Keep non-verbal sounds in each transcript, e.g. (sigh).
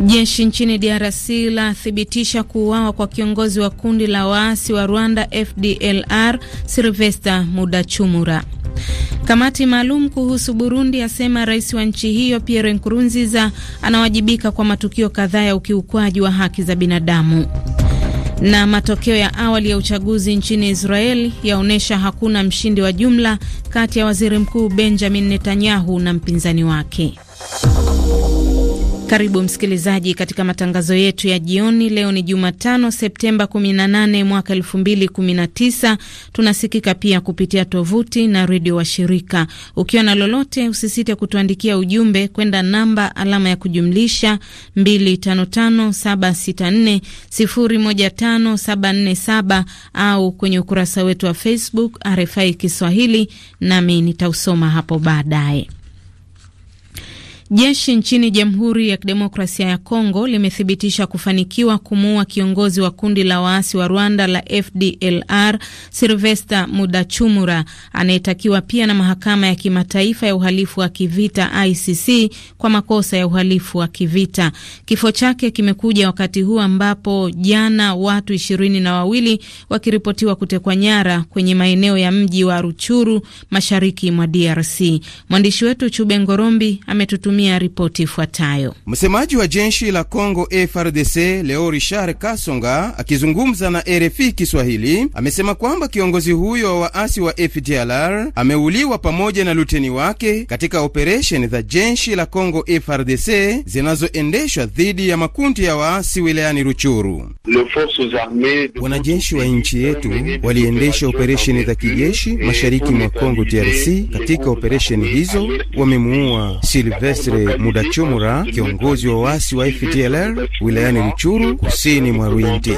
Jeshi nchini DRC lathibitisha kuuawa kwa kiongozi wa kundi la waasi wa Rwanda FDLR Sylvester Mudachumura. Kamati maalum kuhusu Burundi asema rais wa nchi hiyo Pierre Nkurunziza anawajibika kwa matukio kadhaa ya ukiukwaji wa haki za binadamu. Na matokeo ya awali ya uchaguzi nchini Israel yaonyesha hakuna mshindi wa jumla kati ya waziri mkuu Benjamin Netanyahu na mpinzani wake. Karibu msikilizaji katika matangazo yetu ya jioni. Leo ni Jumatano, Septemba 18 mwaka 2019. Tunasikika pia kupitia tovuti na redio wa shirika Ukiwa na lolote, usisite kutuandikia ujumbe kwenda namba alama ya kujumlisha 255764015747 au kwenye ukurasa wetu wa Facebook RFI Kiswahili, nami nitausoma hapo baadaye. Jeshi nchini Jamhuri ya Kidemokrasia ya Kongo limethibitisha kufanikiwa kumuua kiongozi wa kundi la waasi wa Rwanda la FDLR Silvesta Mudachumura anayetakiwa pia na Mahakama ya Kimataifa ya Uhalifu wa Kivita ICC kwa makosa ya uhalifu wa kivita. Kifo chake kimekuja wakati huu ambapo jana watu ishirini na wawili wakiripotiwa kutekwa nyara kwenye maeneo ya mji wa Ruchuru mashariki mwa DRC. Mwandishi wetu Chube Ngorombi ametutumia kutumia ripoti ifuatayo. Msemaji wa jeshi la Congo FRDC leo Richard Kasonga akizungumza na RFI Kiswahili amesema kwamba kiongozi huyo wa waasi wa FDLR ameuliwa pamoja na luteni wake katika operesheni za jeshi la Congo FRDC zinazoendeshwa dhidi ya makundi ya waasi wilayani Ruchuru. Wanajeshi wa nchi yetu waliendesha operesheni za kijeshi mashariki mwa Congo DRC. Katika operesheni hizo wamemuua Silves Misri Mudachumura, kiongozi wa waasi wa FDLR wilayani Ruchuru, kusini mwa Ruindi.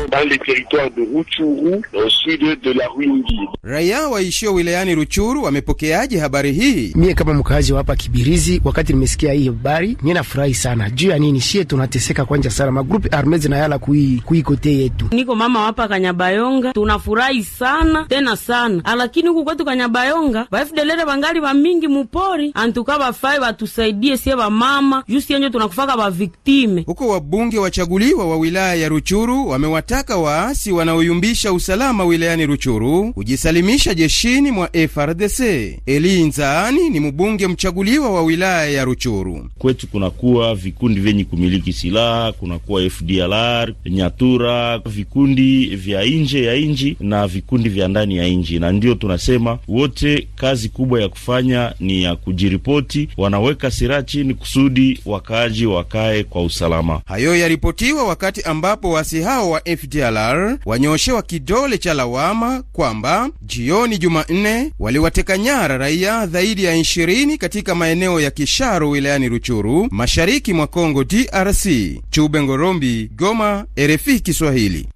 Raia waishio wilayani Ruchuru wamepokeaje habari hii? Mie kama mkazi wa hapa Kibirizi, wakati nimesikia hii habari mie nafurahi sana. Juu ya nini? Shie tunateseka kwanja sana, magrupi arme zinayala kui kui kote yetu. Niko mama hapa Kanyabayonga, tunafurahi sana tena sana, ah, lakini huku kwetu Kanyabayonga ba FDLR bangali ba mingi mupori, antuka bafai watusaidie sie vamama justi yenjo tunakufaka vaviktime huko. Wabunge wachaguliwa wa wilaya ya Ruchuru wamewataka waasi wanaoyumbisha usalama wilayani Ruchuru kujisalimisha jeshini mwa FRDC. Eli Nzaani ni mbunge mchaguliwa wa wilaya ya Ruchuru. Kwetu kunakuwa vikundi vyenye kumiliki silaha, kunakuwa FDLR, Nyatura, vikundi vya nje ya nji na vikundi vya ndani ya nji, na ndiyo tunasema wote kazi kubwa ya kufanya ni ya kujiripoti, wanaweka sirachi ni kusudi wakaji wakae kwa usalama. Hayo yaripotiwa wakati ambapo wasi hao wa FDLR wanyoshewa kidole cha lawama kwamba jioni Jumanne waliwateka nyara raia zaidi ya 20 katika maeneo ya Kisharo wilayani Ruchuru, mashariki mwa Kongo DRC. Chube Ngorombi, Goma, RFI Kiswahili.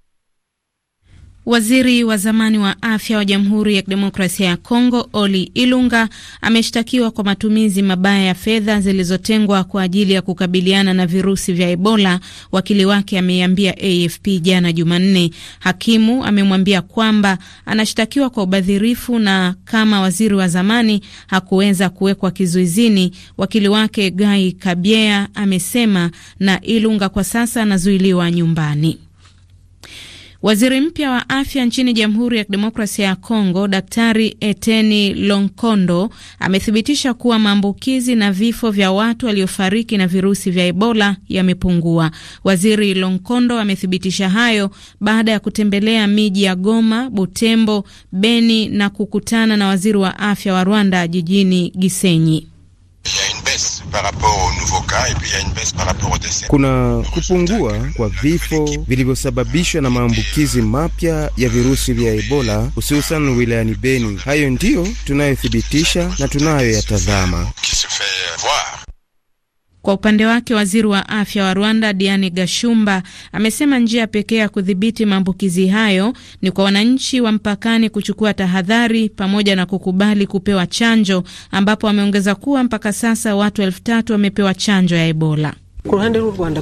Waziri wa zamani wa afya wa Jamhuri ya Kidemokrasia ya Kongo Oli Ilunga ameshtakiwa kwa matumizi mabaya ya fedha zilizotengwa kwa ajili ya kukabiliana na virusi vya Ebola, wakili wake ameiambia AFP jana Jumanne. Hakimu amemwambia kwamba anashtakiwa kwa ubadhirifu na kama waziri wa zamani hakuweza kuwekwa kizuizini, wakili wake Gai Kabyea amesema, na Ilunga kwa sasa anazuiliwa nyumbani. Waziri mpya wa afya nchini Jamhuri ya Kidemokrasia ya Kongo, Daktari Eteni Lonkondo amethibitisha kuwa maambukizi na vifo vya watu waliofariki na virusi vya Ebola yamepungua. Waziri Lonkondo amethibitisha hayo baada ya kutembelea miji ya Goma, Butembo, Beni na kukutana na waziri wa afya wa Rwanda jijini Gisenyi. Il y a une baisse par rapport cas et puis il y a une baisse par rapport décès. Kuna kupungua kwa vifo vilivyosababishwa na maambukizi mapya ya virusi vya Ebola hususan wilayani Beni. Hayo ndiyo tunayothibitisha na tunayoyatazama. Kwa upande wake waziri wa afya wa Rwanda Diane Gashumba amesema njia pekee ya kudhibiti maambukizi hayo ni kwa wananchi wa mpakani kuchukua tahadhari pamoja na kukubali kupewa chanjo, ambapo ameongeza kuwa mpaka sasa watu elfu tatu wamepewa chanjo ya Ebola.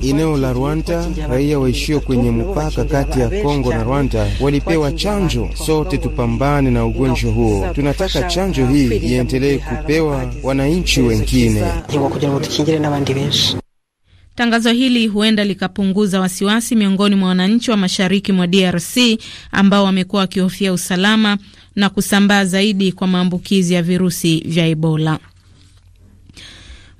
Eneo la Rwanda, raia waishio kwenye mpaka kati ya Kongo na Rwanda walipewa chanjo. Sote tupambane na ugonjwa huo, tunataka chanjo hii iendelee kupewa wananchi wengine. Tangazo hili huenda likapunguza wasiwasi miongoni mwa wananchi wa mashariki mwa DRC ambao wamekuwa wakihofia usalama na kusambaa zaidi kwa maambukizi ya virusi vya Ebola.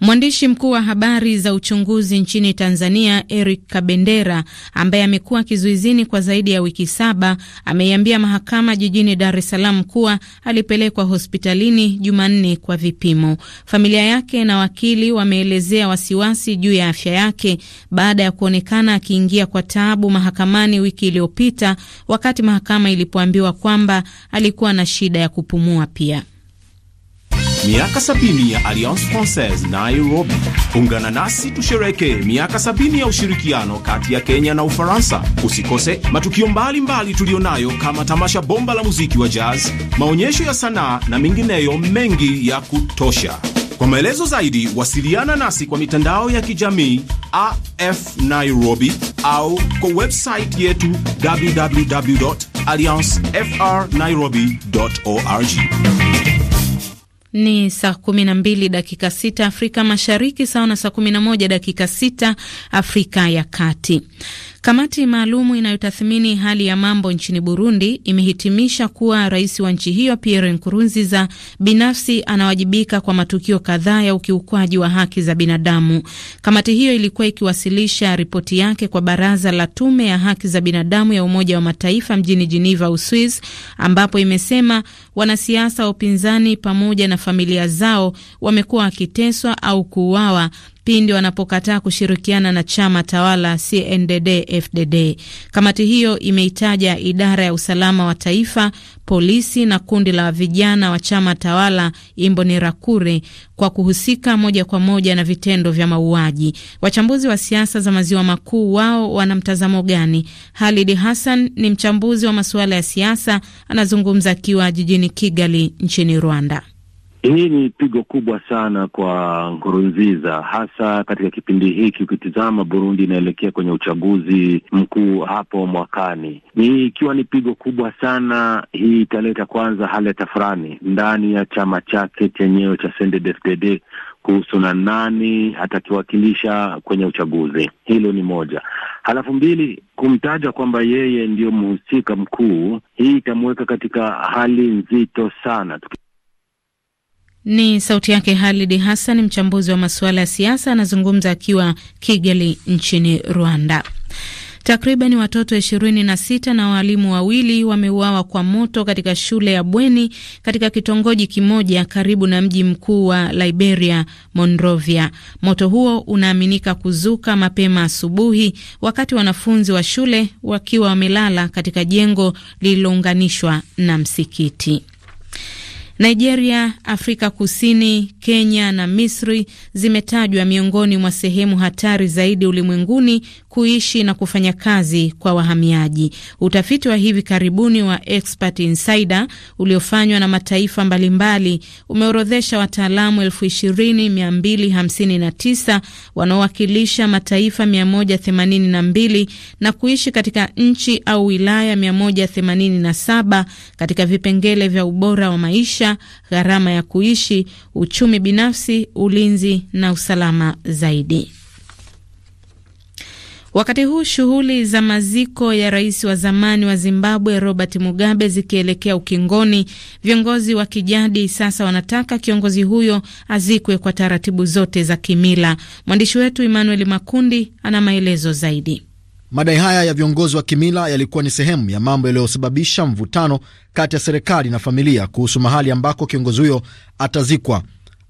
Mwandishi mkuu wa habari za uchunguzi nchini Tanzania Eric Kabendera ambaye amekuwa kizuizini kwa zaidi ya wiki saba ameiambia mahakama jijini Dar es Salaam kuwa alipelekwa hospitalini Jumanne kwa vipimo. Familia yake na wakili wameelezea wasiwasi juu ya afya yake baada ya kuonekana akiingia kwa taabu mahakamani wiki iliyopita, wakati mahakama ilipoambiwa kwamba alikuwa na shida ya kupumua pia. Miaka sabini ya Alliance Francaise Nairobi. Ungana nasi tushereke miaka sabini ya ushirikiano kati ya Kenya na Ufaransa. Usikose matukio mbalimbali tuliyonayo kama tamasha bomba la muziki wa jazz, maonyesho ya sanaa na mengineyo mengi ya kutosha. Kwa maelezo zaidi wasiliana nasi kwa mitandao ya kijamii AF Nairobi au kwa website yetu www org ni saa kumi na mbili dakika sita Afrika Mashariki, sawa na saa kumi na moja dakika sita Afrika ya Kati. Kamati maalumu inayotathmini hali ya mambo nchini Burundi imehitimisha kuwa rais wa nchi hiyo Pierre Nkurunziza binafsi anawajibika kwa matukio kadhaa ya ukiukwaji wa haki za binadamu. Kamati hiyo ilikuwa ikiwasilisha ripoti yake kwa baraza la tume ya haki za binadamu ya Umoja wa Mataifa mjini Geneva, Uswiz, ambapo imesema wanasiasa wa upinzani pamoja na familia zao wamekuwa wakiteswa au kuuawa pindi wanapokataa kushirikiana na chama tawala CNDD-FDD. Kamati hiyo imeitaja idara ya usalama wa taifa polisi na kundi la vijana wa chama tawala Imbonerakure kwa kuhusika moja kwa moja na vitendo vya mauaji. Wachambuzi wa siasa za maziwa makuu wao wana mtazamo gani? Halidi Hassan ni mchambuzi wa masuala ya siasa, anazungumza akiwa jijini Kigali nchini Rwanda. Hii ni pigo kubwa sana kwa Nkurunziza, hasa katika kipindi hiki. Ukitizama Burundi inaelekea kwenye uchaguzi mkuu hapo mwakani, ni ikiwa ni pigo kubwa sana hii. Italeta kwanza hali ya tafurani ndani ya chama chake chenyewe cha CNDD-FDD kuhusu na nani atakiwakilisha kwenye uchaguzi. Hilo ni moja. Halafu mbili, kumtaja kwamba yeye ndiyo mhusika mkuu, hii itamuweka katika hali nzito sana. Ni sauti yake Halidi Hassan, mchambuzi wa masuala ya siasa, anazungumza akiwa Kigali nchini Rwanda. Takriban watoto ishirini na sita na waalimu wawili wameuawa kwa moto katika shule ya bweni katika kitongoji kimoja karibu na mji mkuu wa Liberia, Monrovia. Moto huo unaaminika kuzuka mapema asubuhi, wakati wanafunzi wa shule wakiwa wamelala katika jengo lililounganishwa na msikiti. Nigeria, Afrika Kusini, Kenya na Misri zimetajwa miongoni mwa sehemu hatari zaidi ulimwenguni kuishi na kufanya kazi kwa wahamiaji. Utafiti wa hivi karibuni wa Expert Insider uliofanywa na mataifa mbalimbali umeorodhesha wataalamu 20259 wanaowakilisha mataifa 182 na kuishi katika nchi au wilaya 187 katika vipengele vya ubora wa maisha, gharama ya kuishi, uchumi binafsi, ulinzi na usalama zaidi. Wakati huu shughuli za maziko ya rais wa zamani wa Zimbabwe Robert Mugabe zikielekea ukingoni, viongozi wa kijadi sasa wanataka kiongozi huyo azikwe kwa taratibu zote za kimila. Mwandishi wetu Emmanuel Makundi ana maelezo zaidi. Madai haya ya viongozi wa kimila yalikuwa ni sehemu ya mambo yaliyosababisha mvutano kati ya serikali na familia kuhusu mahali ambako kiongozi huyo atazikwa.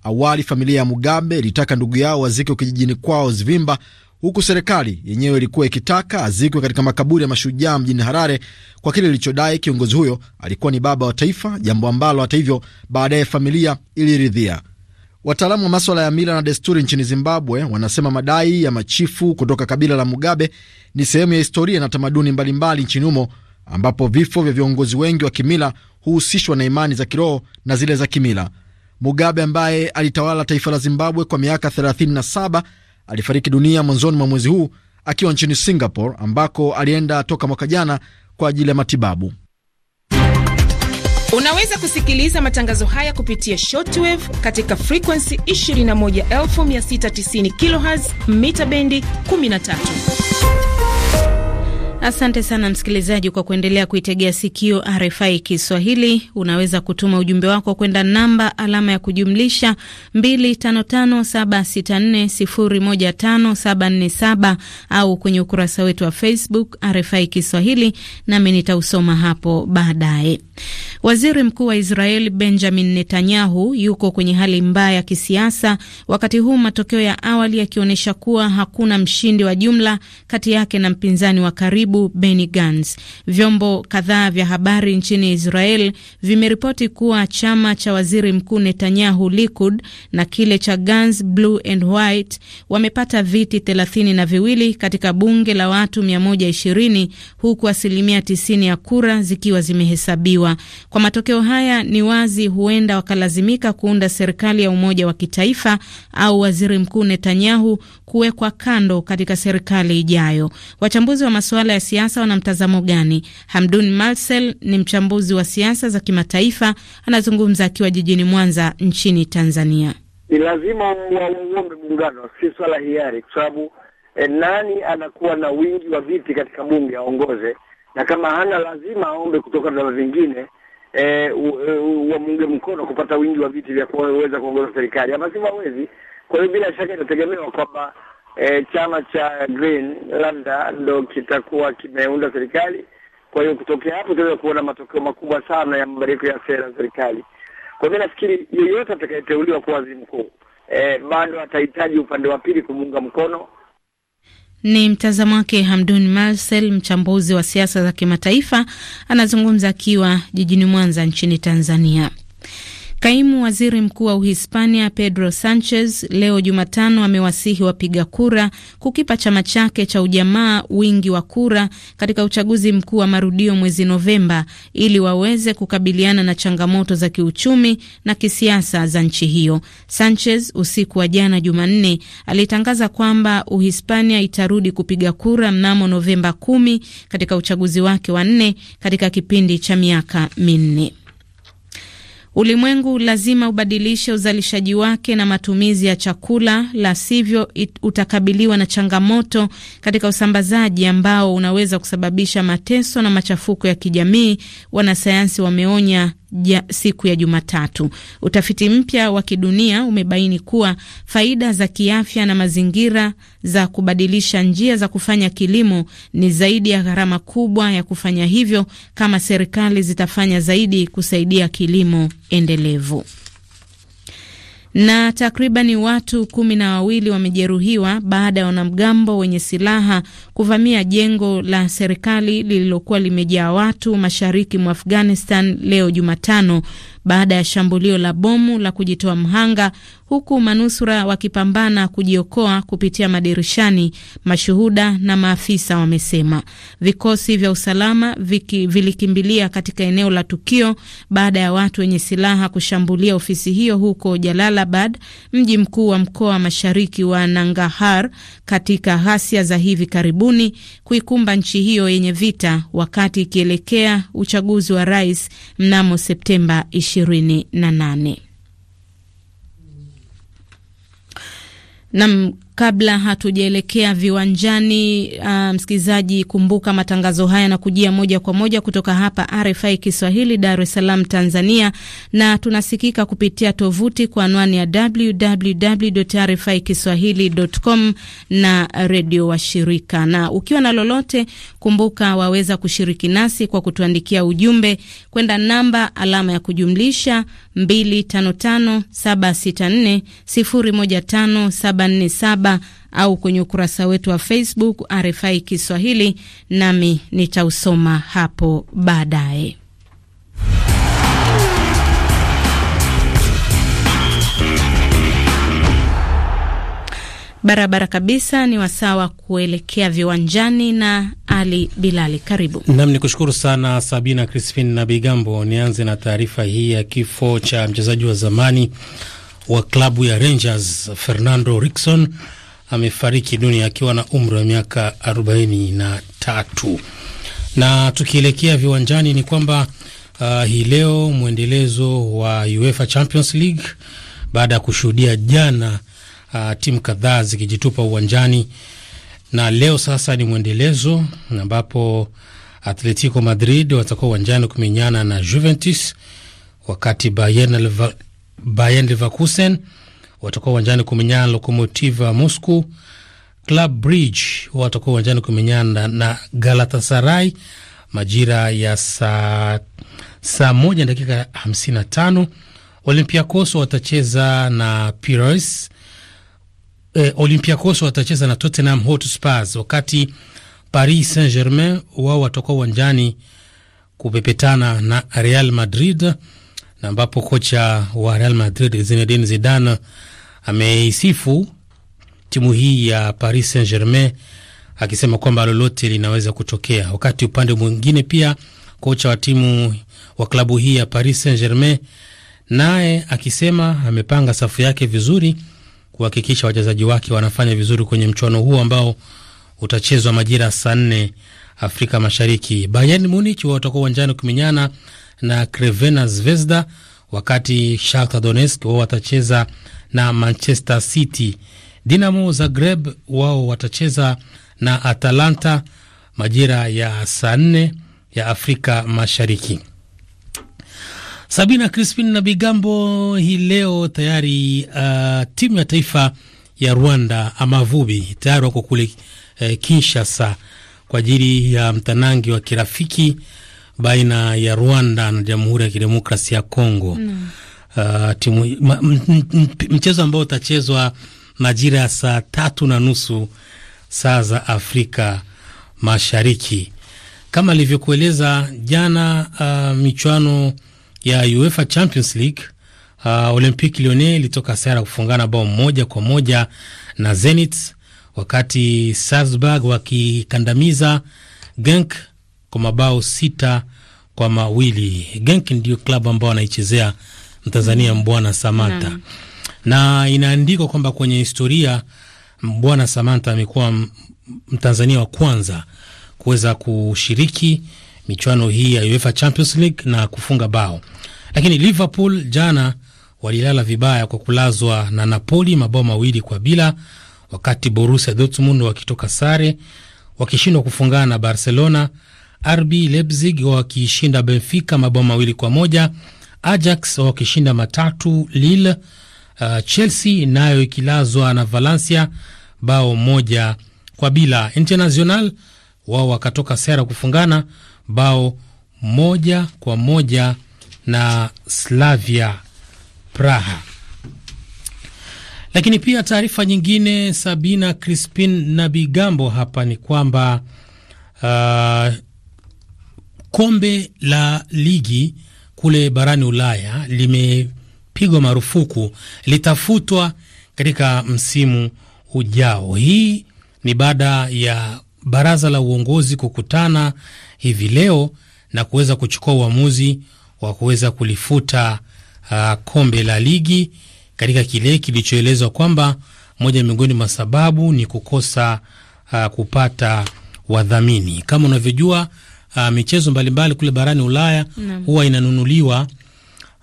Awali familia ya Mugabe ilitaka ndugu yao wazike kijijini kwao Zvimba huku serikali yenyewe ilikuwa ikitaka azikwe katika makaburi ya mashujaa mjini Harare kwa kile ilichodai kiongozi huyo alikuwa ni baba wa taifa, jambo ambalo hata hivyo baadaye familia iliridhia. Wataalamu wa maswala ya mila na desturi nchini Zimbabwe wanasema madai ya machifu kutoka kabila la Mugabe ni sehemu ya historia na tamaduni mbalimbali nchini humo, ambapo vifo vya viongozi wengi wa kimila huhusishwa na imani za kiroho na zile za kimila. Mugabe ambaye alitawala taifa la Zimbabwe kwa miaka 37 alifariki dunia mwanzoni mwa mwezi huu akiwa nchini Singapore ambako alienda toka mwaka jana kwa ajili ya matibabu. Unaweza kusikiliza matangazo haya kupitia shortwave katika frekuensi 21690 kh mita bendi 13. Asante sana msikilizaji kwa kuendelea kuitegea sikio RFI Kiswahili. Unaweza kutuma ujumbe wako kwenda namba alama ya kujumlisha 255764015747 au kwenye ukurasa wetu wa Facebook RFI Kiswahili, nami nitausoma hapo baadaye. Waziri Mkuu wa Israel Benjamin Netanyahu yuko kwenye hali mbaya ya kisiasa, wakati huu matokeo ya awali yakionyesha kuwa hakuna mshindi wa jumla kati yake na mpinzani wa karibu katibu Benny Gantz. Vyombo kadhaa vya habari nchini Israel vimeripoti kuwa chama cha waziri mkuu Netanyahu Likud na kile cha Gantz Blue and White wamepata viti thelathini na viwili katika bunge la watu 120 huku asilimia 90 ya kura zikiwa zimehesabiwa. Kwa matokeo haya, ni wazi huenda wakalazimika kuunda serikali ya umoja wa kitaifa au waziri mkuu Netanyahu kuwekwa kando katika serikali ijayo. Wachambuzi wa masuala ya ya siasa wana mtazamo gani? Hamdun malsel ni mchambuzi wa siasa za kimataifa, anazungumza akiwa jijini Mwanza nchini Tanzania. Ni lazima wauombe muungano, si swala hiari, kwa sababu e, nani anakuwa na wingi wa viti katika bunge aongoze, na kama hana lazima aombe kutoka vyama vingine eh, e, wamuunge mkono kupata wingi wa viti vya kuweza kuongoza serikali, ama sivyo hawezi. Kwa hiyo bila shaka inategemewa kwamba e, chama cha Green labda ndo kitakuwa kimeunda serikali. Kwa hiyo kutokea hapo tunaweza kuona matokeo makubwa sana ya mabadiliko ya sera za serikali. Kwa hiyo nafikiri yeyote atakayeteuliwa kuwa waziri mkuu e, bado atahitaji upande wa pili kumuunga mkono. Ni mtazamo wake Hamdun Marcel, mchambuzi wa siasa za kimataifa, anazungumza akiwa jijini Mwanza nchini Tanzania. Kaimu waziri mkuu wa Uhispania Pedro Sanchez leo Jumatano amewasihi wapiga kura kukipa chama chake cha ujamaa wingi wa kura katika uchaguzi mkuu wa marudio mwezi Novemba ili waweze kukabiliana na changamoto za kiuchumi na kisiasa za nchi hiyo. Sanchez usiku wa jana Jumanne alitangaza kwamba Uhispania itarudi kupiga kura mnamo Novemba kumi katika uchaguzi wake wa nne katika kipindi cha miaka minne. Ulimwengu lazima ubadilishe uzalishaji wake na matumizi ya chakula, la sivyo utakabiliwa na changamoto katika usambazaji ambao unaweza kusababisha mateso na machafuko ya kijamii, wanasayansi wameonya ya siku ya Jumatatu. Utafiti mpya wa kidunia umebaini kuwa faida za kiafya na mazingira za kubadilisha njia za kufanya kilimo ni zaidi ya gharama kubwa ya kufanya hivyo kama serikali zitafanya zaidi kusaidia kilimo endelevu na takribani watu kumi na wawili wamejeruhiwa baada ya wanamgambo wenye silaha kuvamia jengo la serikali lililokuwa limejaa watu mashariki mwa Afghanistan leo Jumatano baada ya shambulio la bomu la kujitoa mhanga, huku manusura wakipambana kujiokoa kupitia madirishani, mashuhuda na maafisa wamesema. Vikosi vya usalama viki, vilikimbilia katika eneo la tukio baada ya watu wenye silaha kushambulia ofisi hiyo huko Jalala Abbasabad, mji mkuu wa mkoa wa mashariki wa nangahar katika ghasia za hivi karibuni kuikumba nchi hiyo yenye vita wakati ikielekea uchaguzi wa rais mnamo Septemba 28. Nam Kabla hatujaelekea viwanjani, uh, msikilizaji, kumbuka matangazo haya na kujia moja kwa moja kutoka hapa RFI Kiswahili, Dar es Salaam, Tanzania, na tunasikika kupitia tovuti kwa anwani ya www RFI kiswahilicom na redio washirika. Na ukiwa na lolote, kumbuka waweza kushiriki nasi kwa kutuandikia ujumbe kwenda namba alama ya kujumlisha 255 saba au kwenye ukurasa wetu wa Facebook RFI Kiswahili, nami nitausoma hapo baadaye. Barabara kabisa, ni wasawa wa kuelekea viwanjani na Ali Bilali, karibu nam. Ni kushukuru sana Sabina Crispin na Bigambo. Nianze na taarifa hii ya kifo cha mchezaji wa zamani wa klabu ya Rangers Fernando Rikson amefariki dunia akiwa na umri wa miaka 43. Na tukielekea viwanjani ni kwamba uh, hii leo mwendelezo wa UEFA Champions League baada ya kushuhudia jana uh, timu kadhaa zikijitupa uwanjani, na leo sasa ni mwendelezo ambapo Atletico Madrid watakuwa uwanjani kumenyana na Juventus, wakati Bayern Leverkusen watakuwa uwanjani kumenyana Lokomotiva Moscow. Club Bridge watakuwa uwanjani kumenyana na Galatasaray majira ya saa saa moja na dakika 55. olympiacoso watacheza na Piraeus. Eh, Olympiacos watacheza na Tottenham Hotspur, wakati Paris Saint-Germain wao watakuwa uwanjani kupepetana na Real Madrid na ambapo kocha wa Real Madrid Zinedine Zidane ameisifu timu hii ya Paris Saint Germain akisema kwamba lolote linaweza kutokea. Wakati upande mwingine pia kocha wa timu wa klabu hii ya Paris Saint Germain naye akisema amepanga safu yake vizuri kuhakikisha wachezaji wake wanafanya vizuri kwenye mchuano huo ambao utachezwa majira saa nne Afrika Mashariki. Bayern Munich watakuwa uwanjani kumenyana na Crvena Zvezda, wakati Shakhtar Donetsk wao watacheza na Manchester City. Dinamo Zagreb wao watacheza na Atalanta majira ya saa nne ya Afrika Mashariki. Sabina Crispin na Bigambo, hii leo tayari uh, timu ya taifa ya Rwanda Amavubi tayari wako kule eh, Kinshasa kwa ajili ya mtanangi wa kirafiki baina ya Rwanda na Jamhuri ya Kidemokrasia ya Kongo mm. Uh, timu, mchezo ambao utachezwa majira ya saa tatu na nusu saa za Afrika Mashariki. Kama alivyokueleza jana, uh, michuano ya UEFA Champions League uh, Olympique Lyonnais ilitoka sare kufungana bao moja kwa moja na Zenit, wakati Salzburg wakikandamiza Genk kwa mabao sita kwa mawili. Genk ndio klabu ambao anaichezea Mtanzania mm. Mbwana Samanta na, na inaandikwa kwamba kwenye historia Mbwana Samanta amekuwa Mtanzania wa kwanza kuweza kushiriki michuano hii ya UEFA Champions League na kufunga bao. Lakini Liverpool jana walilala vibaya kwa kulazwa na Napoli mabao mawili kwa bila, wakati Borussia Dortmund wakitoka sare wakishindwa kufungana na Barcelona RB Leipzig wakishinda Benfica mabao mawili kwa moja, Ajax wakishinda matatu Lille. Uh, Chelsea nayo ikilazwa na Valencia bao moja kwa bila. international wao wakatoka sera kufungana bao moja kwa moja na Slavia Praha. Lakini pia taarifa nyingine, Sabina Crispin na Bigambo, hapa ni kwamba uh, Kombe la ligi kule barani Ulaya limepigwa marufuku, litafutwa katika msimu ujao. Hii ni baada ya baraza la uongozi kukutana hivi leo na kuweza kuchukua uamuzi wa kuweza kulifuta uh, kombe la ligi katika kile kilichoelezwa kwamba moja miongoni mwa sababu ni kukosa uh, kupata wadhamini. Kama unavyojua uh, michezo mbalimbali kule barani Ulaya mm. huwa inanunuliwa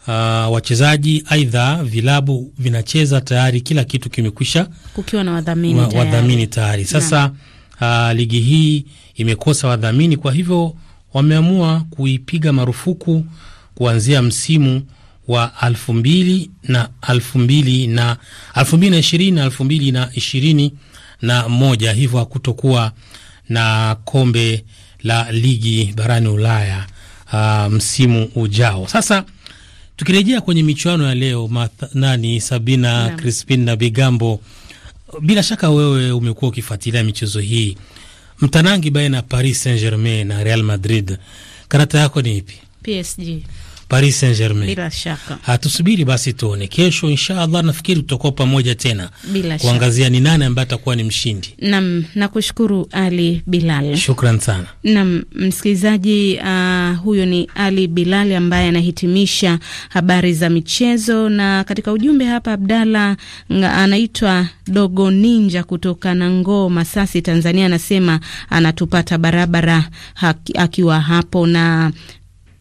uh, wachezaji, aidha vilabu vinacheza tayari, kila kitu kimekwisha, kukiwa na wadhamini wa, wadhamini tayari. Sasa uh, ligi hii imekosa wadhamini, kwa hivyo wameamua kuipiga marufuku kuanzia msimu wa alfu mbili na alfu mbili na alfu mbili na ishirini na alfu mbili na ishirini na moja hivyo hakutokuwa na kombe la ligi barani Ulaya uh, msimu ujao. Sasa tukirejea kwenye michuano ya leo matha, nani Sabina na Crispin na Bigambo, bila shaka wewe umekuwa ukifuatilia michezo hii, mtanangi baina ya Paris Saint Germain na Real Madrid, karata yako ni ipi? PSG. Paris Saint Germain. Bila shaka hatusubiri basi tuone kesho, inshallah nafikiri tutakuwa pamoja tena bila kuangazia ni nani ambaye atakuwa ni mshindi. Nam, nakushukuru Ali Bilal, shukran sana. Nam msikilizaji, uh, huyo ni Ali Bilal ambaye anahitimisha habari za michezo, na katika ujumbe hapa Abdalla anaitwa Dogo Ninja kutoka na Ngoo Masasi, Tanzania, anasema anatupata barabara akiwa hapo na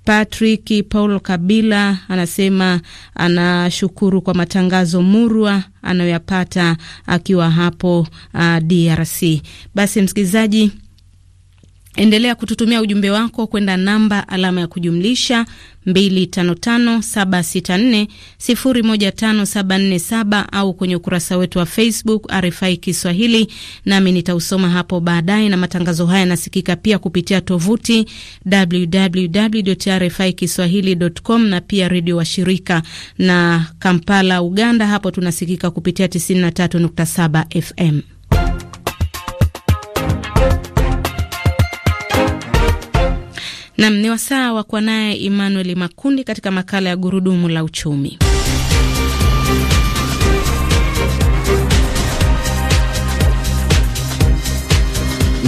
Patrick Paul Kabila anasema anashukuru kwa matangazo murwa anayoyapata akiwa hapo uh, DRC. Basi msikilizaji Endelea kututumia ujumbe wako kwenda namba alama ya kujumlisha 255764015747 au kwenye ukurasa wetu wa Facebook RFI Kiswahili, nami nitausoma hapo baadaye. Na matangazo haya yanasikika pia kupitia tovuti www.rfikiswahili.com na pia redio wa shirika Na Kampala, Uganda, hapo tunasikika kupitia 93.7 FM. Nam ni wasaa wa kuwa naye Emmanuel Makundi katika makala ya gurudumu la uchumi.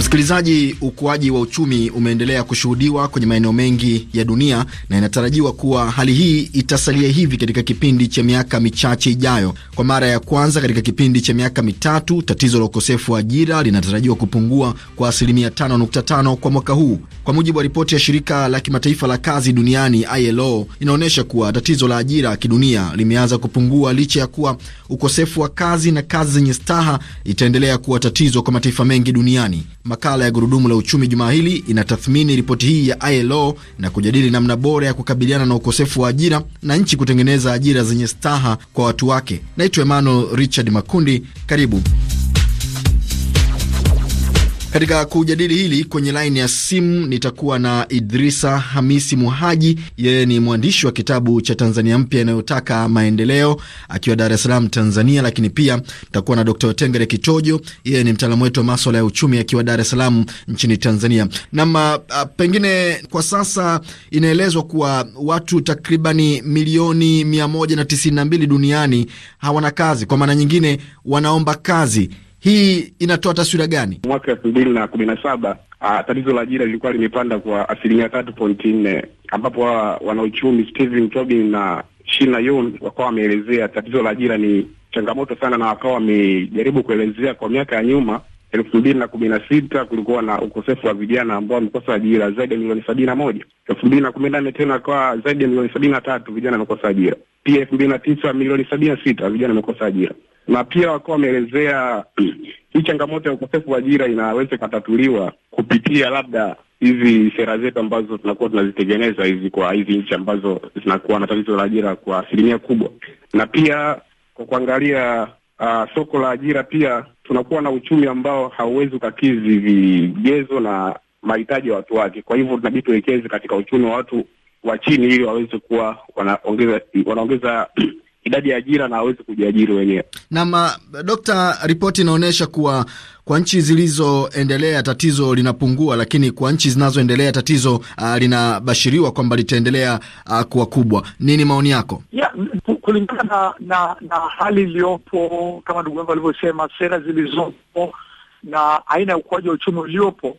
Msikilizaji, ukuaji wa uchumi umeendelea kushuhudiwa kwenye maeneo mengi ya dunia na inatarajiwa kuwa hali hii itasalia hivi katika kipindi cha miaka michache ijayo. Kwa mara ya kwanza katika kipindi cha miaka mitatu, tatizo la ukosefu wa ajira linatarajiwa kupungua kwa asilimia 5.5 kwa mwaka huu, kwa mujibu wa ripoti ya shirika la kimataifa la kazi duniani ILO. Inaonyesha kuwa tatizo la ajira kidunia limeanza kupungua licha ya kuwa ukosefu wa kazi na kazi zenye staha itaendelea kuwa tatizo kwa mataifa mengi duniani makala ya gurudumu la uchumi jumaa hili inatathmini ripoti hii ya ILO na kujadili namna bora ya kukabiliana na ukosefu wa ajira na nchi kutengeneza ajira zenye staha kwa watu wake. Naitwa Emmanuel Richard Makundi, karibu. Katika kujadili hili kwenye laini ya simu nitakuwa na Idrisa Hamisi Muhaji. Yeye ni mwandishi wa kitabu cha Tanzania Mpya inayotaka maendeleo akiwa Dar es Salaam, Tanzania, lakini pia nitakuwa na Dr Tengere Kitojo. Yeye ni mtaalamu wetu wa maswala ya uchumi akiwa Dar es Salaam nchini Tanzania. Nam, uh, uh, pengine kwa sasa inaelezwa kuwa watu takribani milioni mia moja na tisini na mbili duniani hawana kazi, kwa maana nyingine wanaomba kazi hii inatoa taswira gani? Mwaka elfu mbili na kumi na saba ah, tatizo la ajira lilikuwa limepanda kwa asilimia tatu pointi nne ambapo wanauchumi Stephen Tobin na Shina Yun wakawa wameelezea tatizo la ajira ni changamoto sana, na wakawa wamejaribu kuelezea kwa miaka ya nyuma elfu mbili na kumi na sita kulikuwa na ukosefu wa vijana ambao wamekosa ajira zaidi ya milioni sabini na moja elfu mbili na kumi na nne tena akawa zaidi ya milioni sabini na tatu vijana wamekosa ajira pia elfu mbili na tisa milioni sabini na sita vijana wamekosa ajira, na pia wakiwa wameelezea (clears throat) hii changamoto ya ukosefu wa ajira inaweza ikatatuliwa kupitia labda hizi sera zetu ambazo tunakuwa tunazitengeneza hizi kwa hizi nchi ambazo zinakuwa na tatizo la ajira kwa asilimia kubwa, na pia kwa kuangalia uh, soko la ajira, pia tunakuwa na uchumi ambao hauwezi ukakizi vigezo na mahitaji ya watu wake. Kwa hivyo tunabidi tuwekeze katika uchumi wa watu wa chini ili waweze kuwa wanaongeza wanaongeza (clears throat) idadi ya ajira na waweze kujiajiri wenyewe. Naam, uh, Dokta, ripoti inaonyesha kuwa kwa nchi zilizoendelea tatizo linapungua, lakini kwa nchi zinazoendelea tatizo uh, linabashiriwa kwamba litaendelea uh, kuwa kubwa. Nini maoni yako? Yeah, kulingana na, na, na hali iliyopo, kama ndugu wangu alivyosema, sera zilizopo na aina ya ukuaji wa uchumi uliopo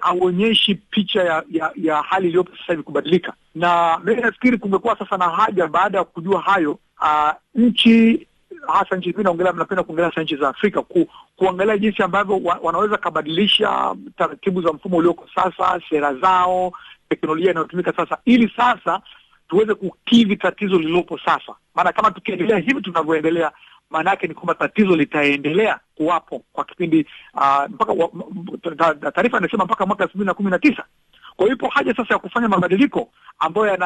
hauonyeshi picha ya, ya, ya hali iliyopo sasa hivi kubadilika, na mimi nafikiri kumekuwa sasa na haja baada ya kujua hayo uh, nchi hasa nchi mi naongelea napenda kuongelea hasa nchi za Afrika ku, kuangalia jinsi ambavyo wa, wanaweza kabadilisha taratibu za mfumo ulioko sasa, sera zao, teknolojia inayotumika sasa, ili sasa tuweze kukidhi tatizo lililopo sasa, maana kama tukiendelea hivi tunavyoendelea maana yake ni kwamba tatizo litaendelea kuwapo kwa kipindi uh, mpaka taarifa inasema mpaka mwaka elfu mbili na kumi na tisa. Kwa hiyo ipo haja sasa ya kufanya mabadiliko ambayo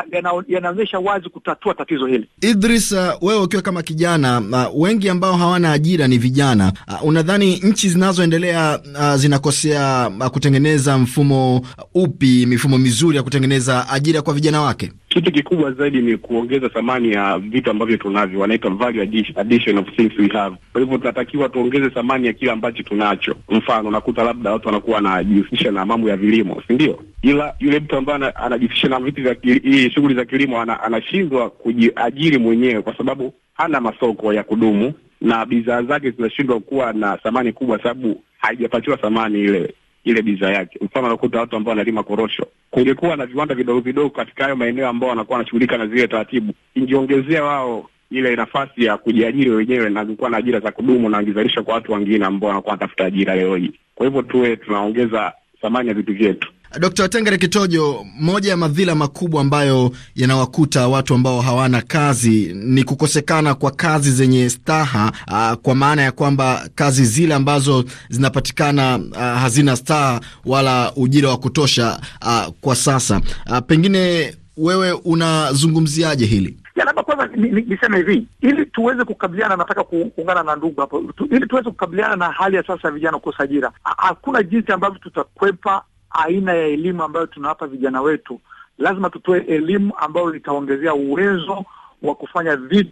yanaonyesha yana wazi kutatua tatizo hili. Idris, uh, wewe ukiwa kama kijana uh, wengi ambao hawana ajira ni vijana uh, unadhani nchi zinazoendelea uh, zinakosea uh, kutengeneza mfumo upi, mifumo mizuri ya kutengeneza ajira kwa vijana wake? Kitu kikubwa zaidi ni kuongeza thamani ya vitu ambavyo tunavyo, wanaita value addition of things we have. Kwa hivyo tunatakiwa tuongeze thamani ya kile ambacho tunacho. Mfano, unakuta labda watu wanakuwa wanajihusisha na mambo ya vilimo, si ndio? Ila yule mtu ambaye anajihusisha na vitu vya hii shughuli za kilimo anashindwa kujiajiri mwenyewe kwa sababu hana masoko ya kudumu na bidhaa zake zinashindwa kuwa na thamani kubwa, sababu haijapatiwa thamani ile ile bidhaa yake. Mfano, anakuta watu ambao wanalima korosho, kungekuwa na viwanda vidogo vidogo katika hayo maeneo ambao wanakuwa wanashughulika na zile taratibu, ingeongezea wao ile nafasi ya kujiajiri wenyewe na kuwa na ajira za kudumu na angizalisha kwa watu wengine ambao wanakuwa wanatafuta ajira leo hii. Kwa hivyo tuwe tunaongeza thamani ya vitu vyetu. Dkt. Tengere Kitojo, moja ya madhila makubwa ambayo yanawakuta watu ambao hawana kazi ni kukosekana kwa kazi zenye staha a, ah, kwa maana ya kwamba kazi zile ambazo zinapatikana a, ah, hazina staha wala ujira wa kutosha a, ah, kwa sasa a, pengine wewe unazungumziaje hili? Labda kwanza niseme hivi, ili tuweze kukabiliana, nataka kuungana na ndugu hapo, ili tuweze kukabiliana na hali ya sasa ya vijana kukosa ajira, hakuna jinsi ambavyo tutakwepa aina ya elimu ambayo tunawapa vijana wetu. Lazima tutoe elimu ambayo itaongezea uwezo wa kufanya vitu,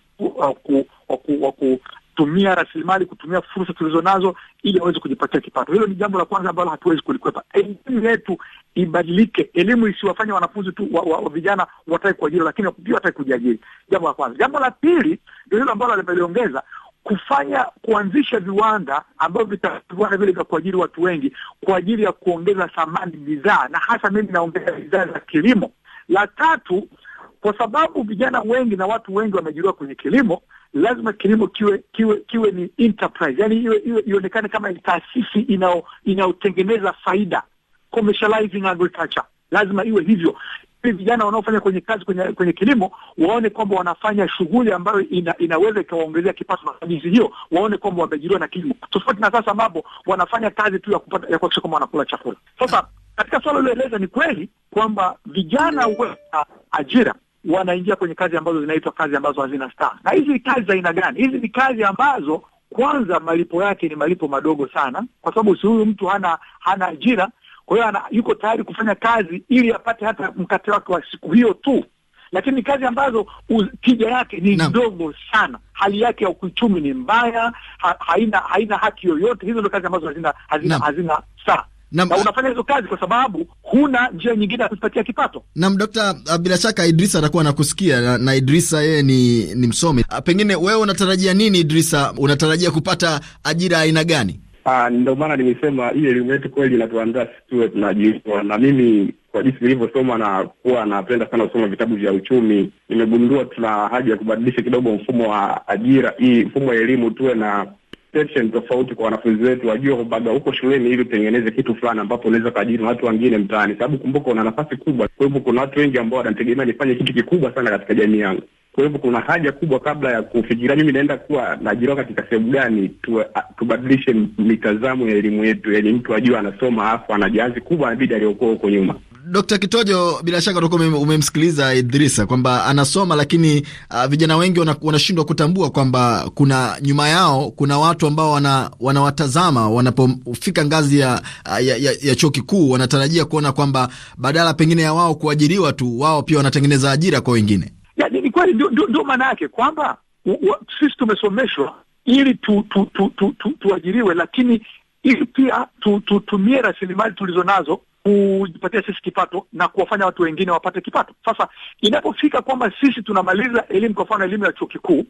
wa kutumia rasilimali, kutumia fursa tulizo nazo ili aweze kujipatia kipato. Hilo ni jambo la kwanza ambalo hatuwezi kulikwepa. Elimu yetu ibadilike, elimu isiwafanye wanafunzi tu wa, wa, wa vijana watake kuajiri, lakini pia watake kujiajiri. Jambo la kwanza. Jambo la pili ndio hilo ambalo limeliongeza kufanya kuanzisha viwanda ambavyo vitaviwanda vile vya kuajiri watu wengi kwa ajili ya kuongeza thamani bidhaa, na hasa mimi naongeza bidhaa za kilimo. La tatu, kwa sababu vijana wengi na watu wengi wameajiriwa kwenye kilimo, lazima kilimo kiwe kiwe kiwe ni enterprise, yani iwe ionekane kama ni taasisi inayotengeneza faida, commercializing agriculture lazima iwe hivyo vijana wanaofanya kwenye kazi kwenye, kwenye kilimo waone kwamba wanafanya shughuli ambayo ina, inaweza ikawaongezea kipato na jinsi hiyo waone kwamba wameajiriwa na kilimo, tofauti na sasa ambapo wanafanya kazi tu ya kupata ya kuhakikisha kwamba wanakula chakula. Sasa katika swala ulioeleza, ni kweli kwamba vijana wa ajira wanaingia kwenye kazi ambazo zinaitwa kazi ambazo hazina staa. Na hizi kazi za aina gani? Hizi ni kazi ambazo kwanza malipo yake ni malipo madogo sana, kwa sababu si huyu mtu hana hana ajira kwa hiyo yuko tayari kufanya kazi ili apate hata mkate wake wa siku hiyo tu, lakini kazi ambazo tija yake ni ndogo sana, hali yake ya kiuchumi ni mbaya, ha, haina haina haki yoyote. Hizo ndio kazi ambazo hazina hazina, hazina saa na, na unafanya hizo kazi kwa sababu huna njia nyingine ya kujipatia kipato. Naam, Dokta, uh, bila shaka Idrisa atakuwa anakusikia na, na Idrisa yeye ni, ni msomi. Uh, pengine wewe unatarajia nini Idrisa? Unatarajia kupata ajira aina gani? Ah, ndio maana nimesema hii elimu yetu kweli inatuandaa tuwe tunajiua, na mimi kwa jinsi nilivyosoma na kuwa napenda sana kusoma vitabu vya uchumi, nimegundua tuna haja ya kubadilisha kidogo mfumo wa ajira, hii mfumo wa elimu, tuwe na section tofauti kwa wanafunzi wetu, wajue kwamba huko shuleni, ili utengeneze kitu fulani ambapo unaweza kuajiri watu wengine mtaani, sababu kumbuka, una nafasi kubwa. Kwa hivyo kuna watu wengi ambao wanategemea nifanye kitu kikubwa sana katika jamii yangu. Kwa hivyo kuna haja kubwa, kabla ya kufikiria mimi naenda kuwa naajiriwa katika sehemu gani, tu, tubadilishe mitazamo ya elimu yetu, yaani mtu ajue anasoma, alafu ana kubwa, anabidi aliokuwa huko nyuma. Dokta Kitojo, bila shaka utakuwa umemsikiliza Idrisa kwamba anasoma, lakini uh, vijana wengi wanashindwa kutambua kwamba kuna nyuma yao kuna watu ambao wana, wanawatazama wanapofika ngazi ya, uh, ya, ya, ya chuo kikuu, wanatarajia kuona kwamba badala pengine ya wao kuajiriwa tu, wao pia wanatengeneza ajira kwa wengine. Ni kweli, ndio maana yake kwamba sisi tumesomeshwa ili tu, tu, tu, tu, tu, tu, tuajiriwe, lakini ili pia tutumie tu, rasilimali tulizo nazo kujipatia sisi kipato na kuwafanya watu wengine wapate kipato. Sasa inapofika kwamba sisi tunamaliza elimu, kwa mfano elimu ya chuo kikuu,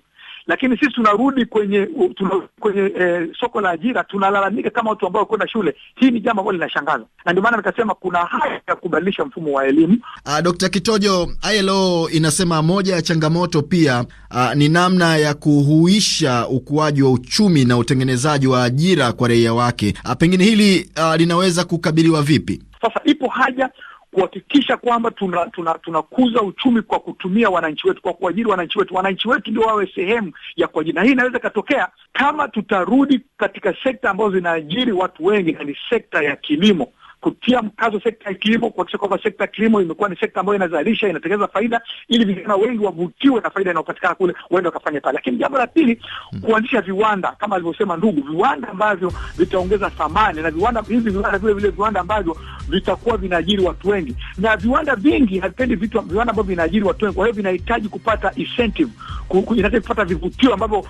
lakini sisi tunarudi kwenye tuna, kwenye eh, soko la ajira tunalalamika kama watu ambao kwenda shule. Hii ni jambo ambalo linashangaza, na ndio maana nikasema kuna haja ya kubadilisha mfumo wa elimu. Uh, ah, Dr. Kitojo, ILO inasema moja ya changamoto pia uh, ni namna ya kuhuisha ukuaji wa uchumi na utengenezaji wa ajira kwa raia wake. Uh, pengine hili uh, linaweza kukabiliwa vipi? Sasa ipo haja kuhakikisha kwamba tunakuza tuna, tuna uchumi kwa kutumia wananchi wetu, kwa kuajiri wananchi wetu. Wananchi wetu ndio wawe sehemu ya kuajiri, na hii inaweza ikatokea kama tutarudi katika sekta ambazo zinaajiri watu wengi, na ni sekta ya kilimo kutia mkazo sekta ya kilimo, kuhakikisha kwamba sekta ya kilimo imekuwa ni sekta ambayo inazalisha, inatengeneza faida, ili vijana wengi wavutiwe na faida inayopatikana kule, waende wakafanya pale. Lakini jambo la pili, hmm. kuanzisha viwanda kama alivyosema ndugu, viwanda ambavyo vitaongeza thamani na viwanda hivi viwanda vile vile viwanda ambavyo vitakuwa vinaajiri watu wengi, na viwanda vingi havipendi vitu viwanda ambavyo vinaajiri watu wengi, kwa hiyo vinahitaji kupata incentive, inahitaji kupata vivutio ambavyo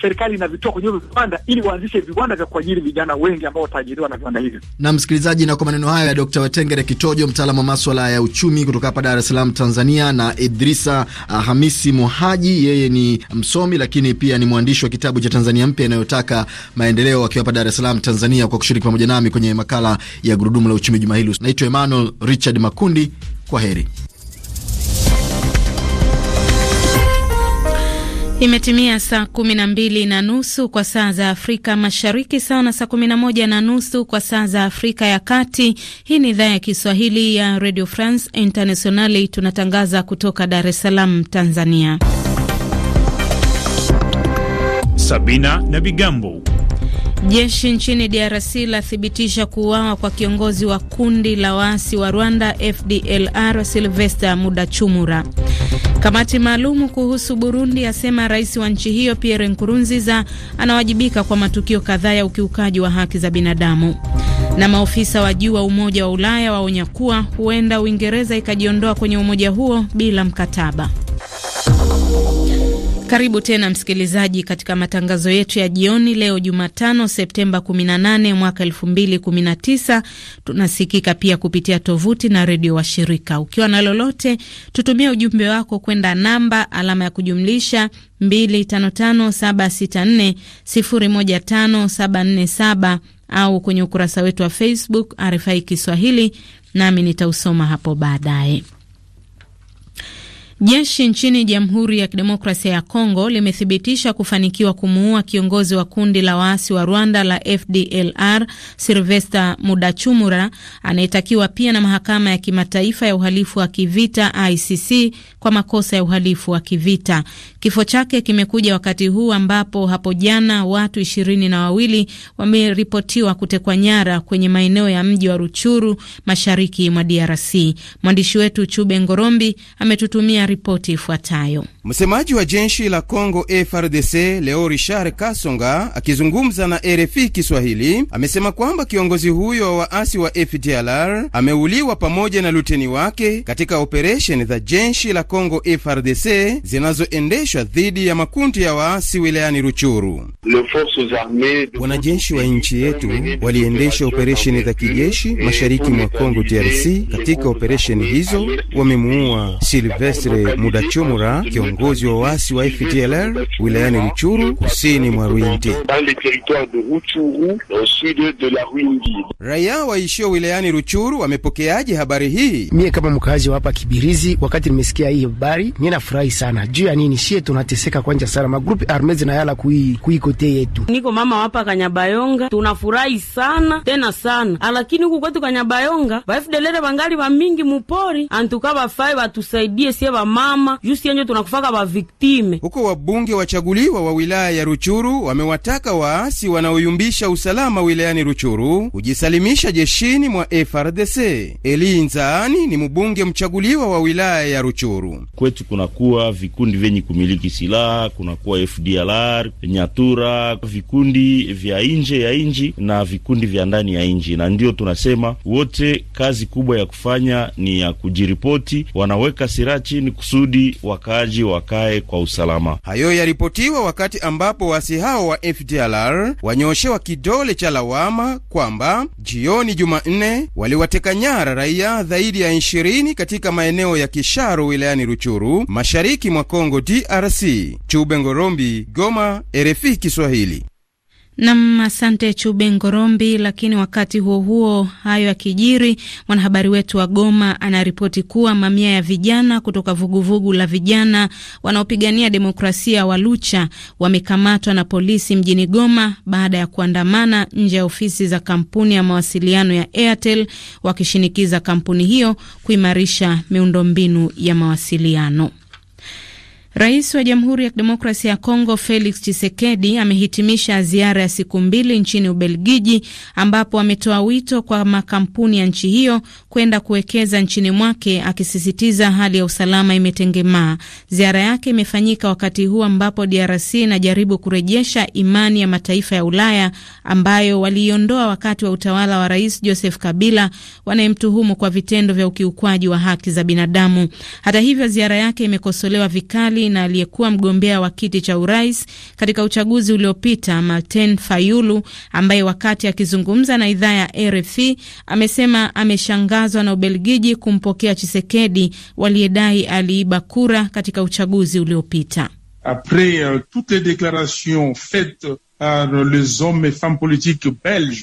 serikali inavitoa kwenye viwanda ili waanzishe viwanda vya kuajiri vijana wengi ambao wataajiriwa na viwanda hivyo. Na msikilizaji na kwa maneno hayo ya Dr. Watengere Kitojo, mtaalamu wa maswala ya uchumi kutoka hapa Dar es Salaam, Tanzania, na Idrisa ah, Hamisi muhaji yeye ni msomi lakini pia ni mwandishi wa kitabu cha Tanzania mpya inayotaka maendeleo, akiwa hapa Dar es Salaam, Tanzania, kwa kushiriki pamoja nami kwenye makala ya gurudumu la uchumi juma hili. Naitwa Emmanuel Richard Makundi, kwa heri. Imetimia saa kumi na mbili na nusu kwa saa za Afrika Mashariki, sawa na saa kumi na moja na nusu kwa saa za Afrika ya Kati. Hii ni idhaa ya Kiswahili ya Radio France Internationali, tunatangaza kutoka Dar es Salaam, Tanzania. Sabina na Vigambo. Jeshi nchini DRC lathibitisha kuuawa kwa kiongozi wa kundi la waasi wa Rwanda FDLR Silvester Mudachumura. Kamati maalumu kuhusu Burundi asema rais wa nchi hiyo Pierre Nkurunziza anawajibika kwa matukio kadhaa ya ukiukaji wa haki za binadamu. Na maofisa wa juu wa Umoja wa Ulaya waonya kuwa huenda Uingereza ikajiondoa kwenye umoja huo bila mkataba. Karibu tena msikilizaji, katika matangazo yetu ya jioni leo Jumatano, Septemba 18 mwaka 2019. Tunasikika pia kupitia tovuti na redio washirika. Ukiwa na lolote, tutumie ujumbe wako kwenda namba alama ya kujumlisha 255764015747 au kwenye ukurasa wetu wa Facebook RFI Kiswahili, nami nitausoma hapo baadaye. Jeshi nchini Jamhuri ya Kidemokrasia ya Kongo limethibitisha kufanikiwa kumuua kiongozi wa kundi la waasi wa Rwanda la FDLR Silvesta Mudachumura anayetakiwa pia na mahakama ya kimataifa ya uhalifu wa kivita ICC kwa makosa ya uhalifu wa kivita. Kifo chake kimekuja wakati huu ambapo hapo jana watu ishirini na wawili wameripotiwa kutekwa nyara kwenye maeneo ya mji wa Ruchuru mashariki mwa DRC. Mwandishi wetu Chube Ngorombi ametutumia ripoti ifuatayo. Msemaji wa jeshi la Congo FRDC leo Richard Kasonga akizungumza na RFI Kiswahili amesema kwamba kiongozi huyo wa waasi wa FDLR ameuliwa pamoja na luteni wake katika operesheni za jeshi la Congo FRDC zinazoendeshwa dhidi ya makundi ya waasi wilayani Ruchuru. Wanajeshi wa nchi yetu waliendesha operesheni za kijeshi mashariki mwa Congo DRC. Katika operesheni hizo wamemuua Silvestre Daktari Mudachumura, kiongozi wa waasi wa FDLR wilayani Ruchuru, kusini mwa Ruindi. Raia waishio wilayani Ruchuru wamepokeaje habari hii? Mie kama mkazi wa hapa Kibirizi, wakati nimesikia hii habari mie nafurahi sana. Juu ya nini? Shie tunateseka kwanja sana, magrupi arme zinayala kui kuikote yetu. Niko mama hapa Kanyabayonga, tunafurahi sana tena sana, ah, lakini huku kwetu Kanyabayonga ba FDLR wangali wa mingi mupori, antukaba fai watusaidie sie ba mama justi yenje tunakufaka ba viktime huko. Wabunge wachaguliwa wa wilaya ya Ruchuru wamewataka waasi wanaoyumbisha usalama wilayani Ruchuru kujisalimisha jeshini mwa FRDC. Eli Nzaani ni mbunge mchaguliwa wa wilaya ya Ruchuru. Kwetu kunakuwa vikundi vyenye kumiliki silaha, kunakuwa FDLR, Nyatura, vikundi vya nje ya nji na vikundi vya ndani ya nji, na ndiyo tunasema wote, kazi kubwa ya kufanya ni ya kujiripoti, wanaweka silaha chini kusudi wakaji wakae kwa usalama. Hayo yaripotiwa wakati ambapo wasi hao wa FDLR wanyoshewa kidole cha lawama kwamba jioni Jumanne waliwateka nyara raia zaidi ya 20 katika maeneo ya Kisharu wilayani Ruchuru, mashariki mwa Kongo DRC. Chube Ngorombi, Goma, RFI Kiswahili. Nam, asante Chube Ngorombi. Lakini wakati huo huo, hayo yakijiri, mwanahabari wetu wa Goma anaripoti kuwa mamia ya vijana kutoka vuguvugu la vijana wanaopigania demokrasia wa Lucha wamekamatwa na polisi mjini Goma baada ya kuandamana nje ya ofisi za kampuni ya mawasiliano ya Airtel wakishinikiza kampuni hiyo kuimarisha miundombinu ya mawasiliano. Rais wa Jamhuri ya Kidemokrasia ya Kongo Felix Tshisekedi amehitimisha ziara ya siku mbili nchini Ubelgiji, ambapo ametoa wito kwa makampuni ya nchi hiyo kwenda kuwekeza nchini mwake, akisisitiza hali ya usalama imetengemaa. Ziara yake imefanyika wakati huu ambapo DRC inajaribu kurejesha imani ya mataifa ya Ulaya ambayo waliiondoa wakati wa utawala wa Rais Joseph Kabila, wanayemtuhumu kwa vitendo vya ukiukwaji wa haki za binadamu. Hata hivyo, ziara yake imekosolewa vikali mbali na aliyekuwa mgombea wa kiti cha urais katika uchaguzi uliopita Martin Fayulu, ambaye wakati akizungumza na idhaa ya RFI amesema ameshangazwa na Ubelgiji kumpokea Chisekedi waliyedai aliiba kura katika uchaguzi uliopita. Après, uh, toutes les déclarations faites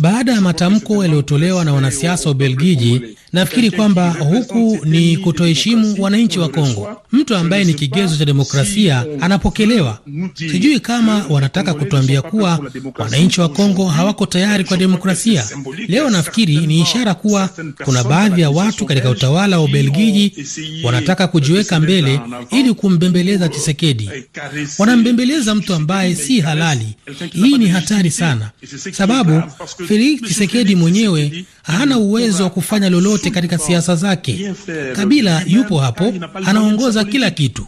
baada ya matamko yaliyotolewa na wanasiasa wa Ubelgiji, nafikiri kwamba huku ni kutoheshimu wananchi wa Kongo. Mtu ambaye ni kigezo cha demokrasia anapokelewa. Sijui kama wanataka kutuambia kuwa wananchi wa Kongo hawako tayari kwa demokrasia. Leo nafikiri ni ishara kuwa kuna baadhi ya watu katika utawala wa Ubelgiji wanataka kujiweka mbele ili kumbembeleza euh, Tshisekedi. Wanambembeleza mtu ambaye si halali hii ni hatari sana, sababu Felix chisekedi mwenyewe hana uwezo wa kufanya lolote katika siasa zake. Kabila yupo hapo, anaongoza kila kitu.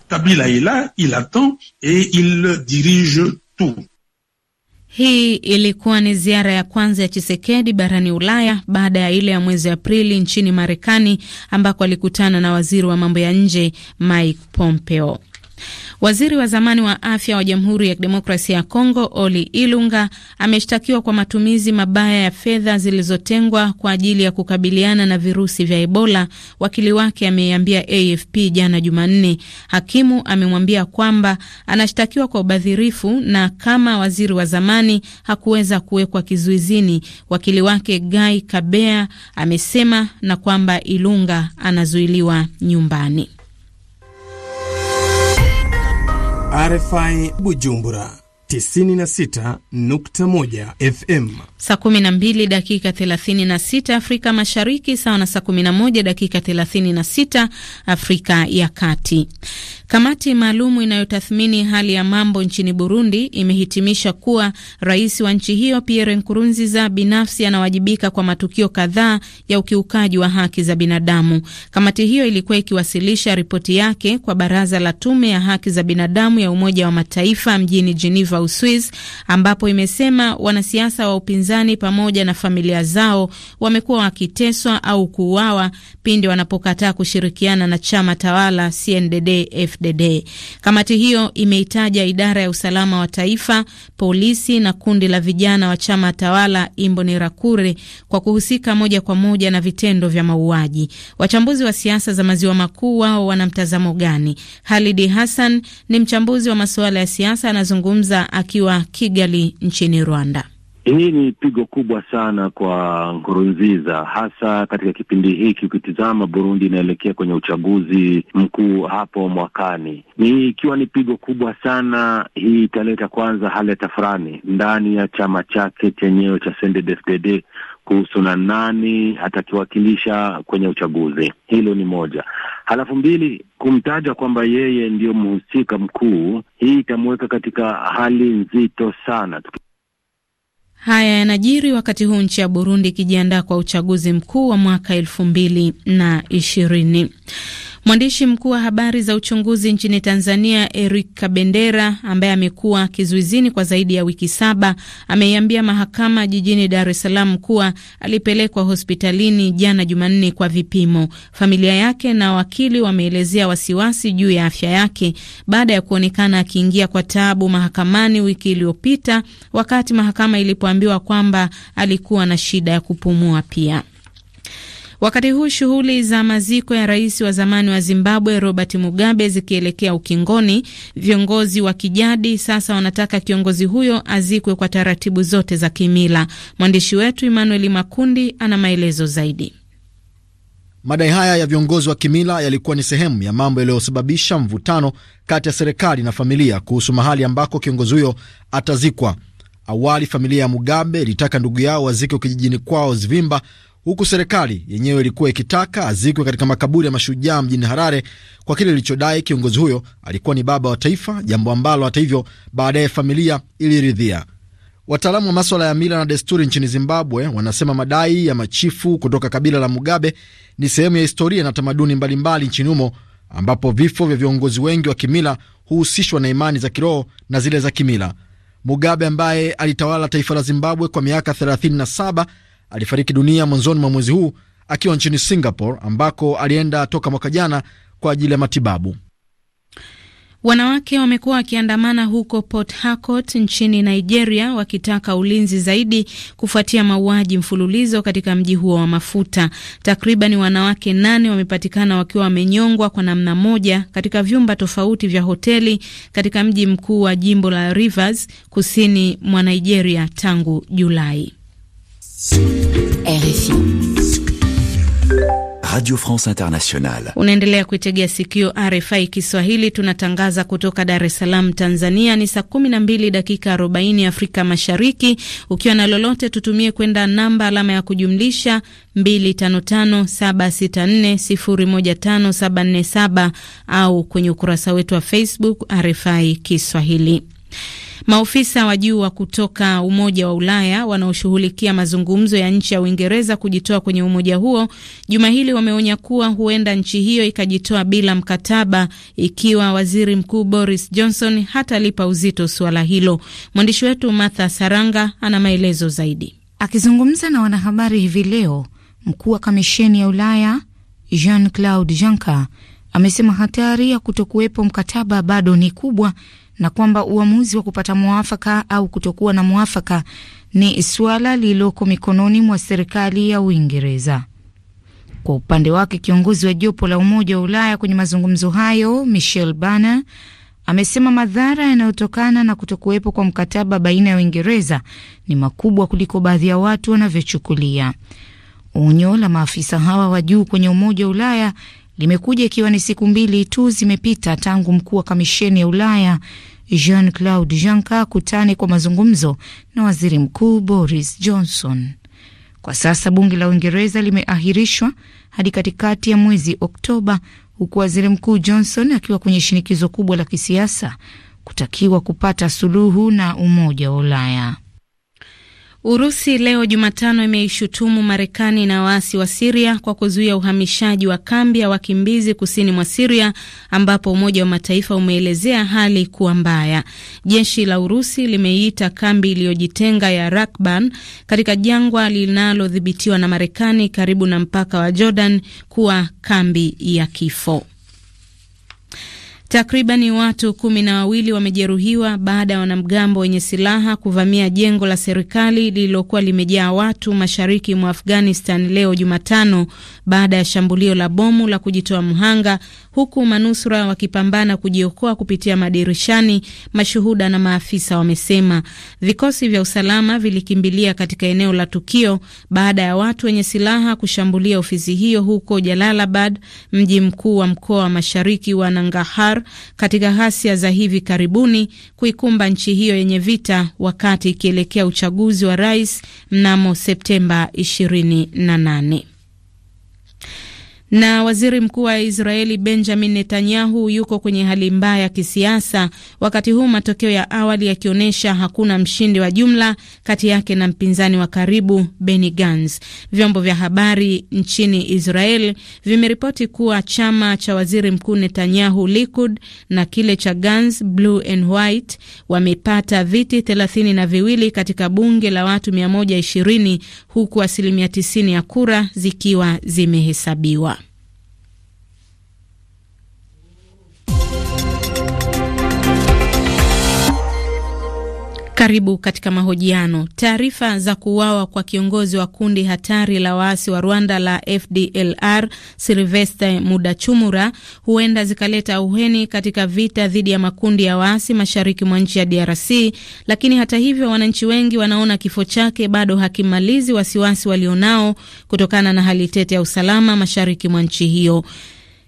Hii ilikuwa ni ziara ya kwanza ya Chisekedi barani Ulaya baada ya ile ya mwezi Aprili nchini Marekani ambako alikutana na waziri wa mambo ya nje Mike Pompeo. Waziri wa zamani wa afya wa Jamhuri ya Kidemokrasia ya Kongo Oli Ilunga ameshtakiwa kwa matumizi mabaya ya fedha zilizotengwa kwa ajili ya kukabiliana na virusi vya Ebola, wakili wake ameiambia AFP jana Jumanne. Hakimu amemwambia kwamba anashtakiwa kwa ubadhirifu na kama waziri wa zamani hakuweza kuwekwa kizuizini. Wakili wake Guy Kabea amesema na kwamba Ilunga anazuiliwa nyumbani. RFI Bujumbura 96.1 FM. Saa 12 dakika 36 Afrika Mashariki, sawa na saa 11 dakika 36 Afrika ya Kati. Kamati maalumu inayotathmini hali ya mambo nchini Burundi imehitimisha kuwa rais wa nchi hiyo Pierre Nkurunziza binafsi anawajibika kwa matukio kadhaa ya ukiukaji wa haki za binadamu. Kamati hiyo ilikuwa ikiwasilisha ripoti yake kwa baraza la tume ya haki za binadamu ya Umoja wa Mataifa mjini Geneva Uswiz, ambapo imesema wanasiasa wa upinzani pamoja na familia zao wamekuwa wakiteswa au kuuawa pindi wanapokataa kushirikiana na chama tawala CNDD-FDD. Kamati hiyo imeitaja idara ya usalama wa taifa, polisi na kundi la vijana wa chama tawala Imbonerakure kwa kuhusika moja kwa moja na vitendo vya mauaji. Wachambuzi wa siasa za maziwa makuu wao wana mtazamo gani? Halidi Hassan ni mchambuzi wa masuala ya siasa, anazungumza akiwa Kigali nchini Rwanda. Hii ni pigo kubwa sana kwa Nkurunziza, hasa katika kipindi hiki. Ukitizama Burundi inaelekea kwenye uchaguzi mkuu hapo mwakani, ni ikiwa ni pigo kubwa sana hii. Italeta kwanza hali ya tafurani ndani ya chama chake chenyewe cha CNDD-FDD kuhusu na nani atakiwakilisha kwenye uchaguzi. Hilo ni moja. Halafu mbili, kumtaja kwamba yeye ndiyo mhusika mkuu, hii itamuweka katika hali nzito sana. Haya yanajiri wakati huu nchi ya Burundi ikijiandaa kwa uchaguzi mkuu wa mwaka elfu mbili na ishirini. Mwandishi mkuu wa habari za uchunguzi nchini Tanzania Eric Kabendera, ambaye amekuwa kizuizini kwa zaidi ya wiki saba, ameiambia mahakama jijini Dar es Salaam kuwa alipelekwa hospitalini jana Jumanne kwa vipimo. Familia yake na wakili wameelezea wasiwasi juu ya afya yake baada ya kuonekana akiingia kwa taabu mahakamani wiki iliyopita, wakati mahakama ilipoambiwa kwamba alikuwa na shida ya kupumua pia. Wakati huu shughuli za maziko ya rais wa zamani wa Zimbabwe Robert Mugabe zikielekea ukingoni, viongozi wa kijadi sasa wanataka kiongozi huyo azikwe kwa taratibu zote za kimila. Mwandishi wetu Emmanuel Makundi ana maelezo zaidi. Madai haya ya viongozi wa kimila yalikuwa ni sehemu ya mambo yaliyosababisha mvutano kati ya serikali na familia kuhusu mahali ambako kiongozi huyo atazikwa. Awali familia ya Mugabe ilitaka ndugu yao wazike kijijini kwao Zvimba huku serikali yenyewe ilikuwa ikitaka azikwe katika makaburi ya mashujaa mjini Harare kwa kile ilichodai kiongozi huyo alikuwa ni baba wa taifa, jambo ambalo hata hivyo baadaye familia iliridhia. Wataalamu wa maswala ya mila na desturi nchini Zimbabwe wanasema madai ya machifu kutoka kabila la Mugabe ni sehemu ya historia na tamaduni mbalimbali nchini humo, ambapo vifo vya viongozi wengi wa kimila huhusishwa na imani za kiroho na zile za kimila. Mugabe ambaye alitawala taifa la Zimbabwe kwa miaka 37 alifariki dunia mwanzoni mwa mwezi huu akiwa nchini Singapore ambako alienda toka mwaka jana kwa ajili ya matibabu. Wanawake wamekuwa wakiandamana huko Port Harcourt nchini Nigeria wakitaka ulinzi zaidi kufuatia mauaji mfululizo katika mji huo wa mafuta. Takriban wanawake nane wamepatikana wakiwa wamenyongwa kwa namna moja katika vyumba tofauti vya hoteli katika mji mkuu wa jimbo la Rivers kusini mwa Nigeria tangu Julai. RFI Radio France Internationale. Unaendelea kuitegea sikio RFI Kiswahili, tunatangaza kutoka Dar es Salaam, Tanzania. Ni saa 12 dakika 40 Afrika Mashariki. Ukiwa na lolote, tutumie kwenda namba alama ya kujumlisha 255764015747 au kwenye ukurasa wetu wa Facebook RFI Kiswahili. Maofisa wa juu wa kutoka Umoja wa Ulaya wanaoshughulikia mazungumzo ya nchi ya Uingereza kujitoa kwenye umoja huo juma hili wameonya kuwa huenda nchi hiyo ikajitoa bila mkataba ikiwa waziri mkuu Boris Johnson hatalipa uzito suala hilo. Mwandishi wetu Martha Saranga ana maelezo zaidi. Akizungumza na wanahabari hivi leo, mkuu wa kamisheni ya Ulaya Jean Claude Juncker amesema hatari ya kutokuwepo mkataba bado ni kubwa na kwamba uamuzi wa kupata mwafaka au kutokuwa na mwafaka ni suala lililoko mikononi mwa serikali ya Uingereza. Kwa upande wake, kiongozi wa jopo la Umoja wa Ulaya kwenye mazungumzo hayo Michel Bana amesema madhara yanayotokana na kutokuwepo kwa mkataba baina ya Uingereza ni makubwa kuliko baadhi ya watu wanavyochukulia. Onyo la maafisa hawa wa juu kwenye Umoja wa Ulaya limekuja ikiwa ni siku mbili tu zimepita tangu mkuu wa kamisheni ya Ulaya Jean Claude Juncker kutane kwa mazungumzo na waziri mkuu Boris Johnson. Kwa sasa bunge la Uingereza limeahirishwa hadi katikati ya mwezi Oktoba, huku waziri mkuu Johnson akiwa kwenye shinikizo kubwa la kisiasa kutakiwa kupata suluhu na Umoja wa Ulaya. Urusi leo Jumatano imeishutumu Marekani na waasi wa Siria kwa kuzuia uhamishaji wa kambi ya wakimbizi kusini mwa Siria, ambapo Umoja wa Mataifa umeelezea hali kuwa mbaya. Jeshi la Urusi limeiita kambi iliyojitenga ya Rakban katika jangwa linalodhibitiwa na Marekani karibu na mpaka wa Jordan kuwa kambi ya kifo. Takribani watu kumi na wawili wamejeruhiwa baada ya wanamgambo wenye silaha kuvamia jengo la serikali lililokuwa limejaa watu mashariki mwa Afghanistan leo Jumatano, baada ya shambulio la bomu la kujitoa mhanga, huku manusura wakipambana kujiokoa kupitia madirishani, mashuhuda na maafisa wamesema. Vikosi vya usalama vilikimbilia katika eneo la tukio baada ya watu wenye silaha kushambulia ofisi hiyo huko Jalalabad, mji mkuu wa mkoa wa mashariki wa nangahar katika ghasia za hivi karibuni kuikumba nchi hiyo yenye vita wakati ikielekea uchaguzi wa rais mnamo Septemba 28. Na waziri mkuu wa Israeli Benjamin Netanyahu yuko kwenye hali mbaya ya kisiasa, wakati huu matokeo ya awali yakionyesha hakuna mshindi wa jumla kati yake na mpinzani wa karibu Benny Gantz. Vyombo vya habari nchini Israel vimeripoti kuwa chama cha waziri mkuu Netanyahu Likud na kile cha Gantz Blue and White wamepata viti thelathini na viwili katika bunge la watu 120 huku asilimia 90 ya kura zikiwa zimehesabiwa. Karibu katika mahojiano. Taarifa za kuuawa kwa kiongozi wa kundi hatari la waasi wa Rwanda la FDLR Silvestre Mudachumura huenda zikaleta uheni katika vita dhidi ya makundi ya waasi mashariki mwa nchi ya DRC, lakini hata hivyo, wananchi wengi wanaona kifo chake bado hakimalizi wasiwasi walionao kutokana na hali tete ya usalama mashariki mwa nchi hiyo.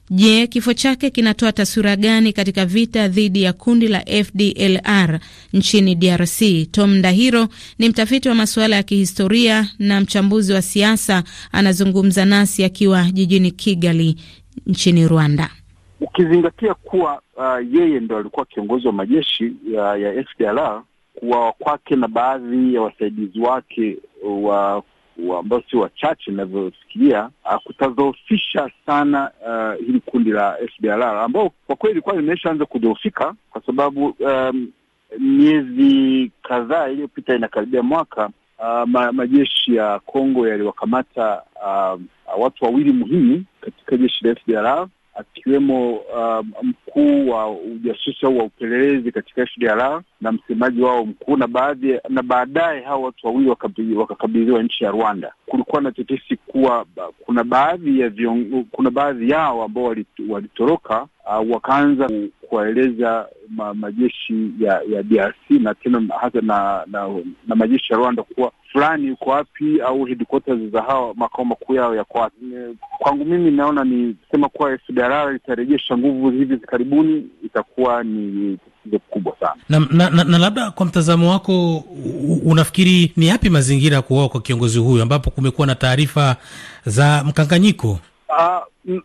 Je, kifo chake kinatoa taswira gani katika vita dhidi ya kundi la FDLR nchini DRC? Tom Ndahiro ni mtafiti wa masuala ya kihistoria na mchambuzi wa siasa, anazungumza nasi akiwa jijini Kigali nchini Rwanda. Ukizingatia kuwa uh, yeye ndo alikuwa kiongozi wa majeshi ya, ya FDLR, kuwawa kwake na baadhi ya wasaidizi wake wa ambao sio wachache inavyofikiria, ah, kutadhoofisha sana uh, hili kundi la sbr ambao kwa kweli ilikuwa limeshaanza kudhoofika kwa sababu um, miezi kadhaa iliyopita inakaribia mwaka uh, ma, majeshi ya Kongo yaliwakamata uh, watu wawili muhimu katika jeshi la sbr akiwemo uh, mkuu wa ujasusi au wa upelelezi katika HDLR na msemaji wao mkuu, na baadhi na baadaye hao watu wawili wakakabidhiwa nchi ya Rwanda. Kulikuwa na tetesi kuwa kuna baadhi ya vion, kuna baadhi yao ambao walitoroka uh, wakaanza kuwaeleza ma, majeshi ya ya DRC na tena hata na, na na majeshi ya Rwanda kuwa fulani yuko wapi au headquarters za hawa makao makuu yao yako wapi. Kwangu mimi naona ni sema kuwa FDLR itarejesha nguvu hivi karibuni, itakuwa ni tatizo kubwa sana. Na, na, na, na labda kwa mtazamo wako unafikiri ni yapi mazingira ya kuoa kwa kiongozi huyu ambapo kumekuwa na taarifa za mkanganyiko? Uh,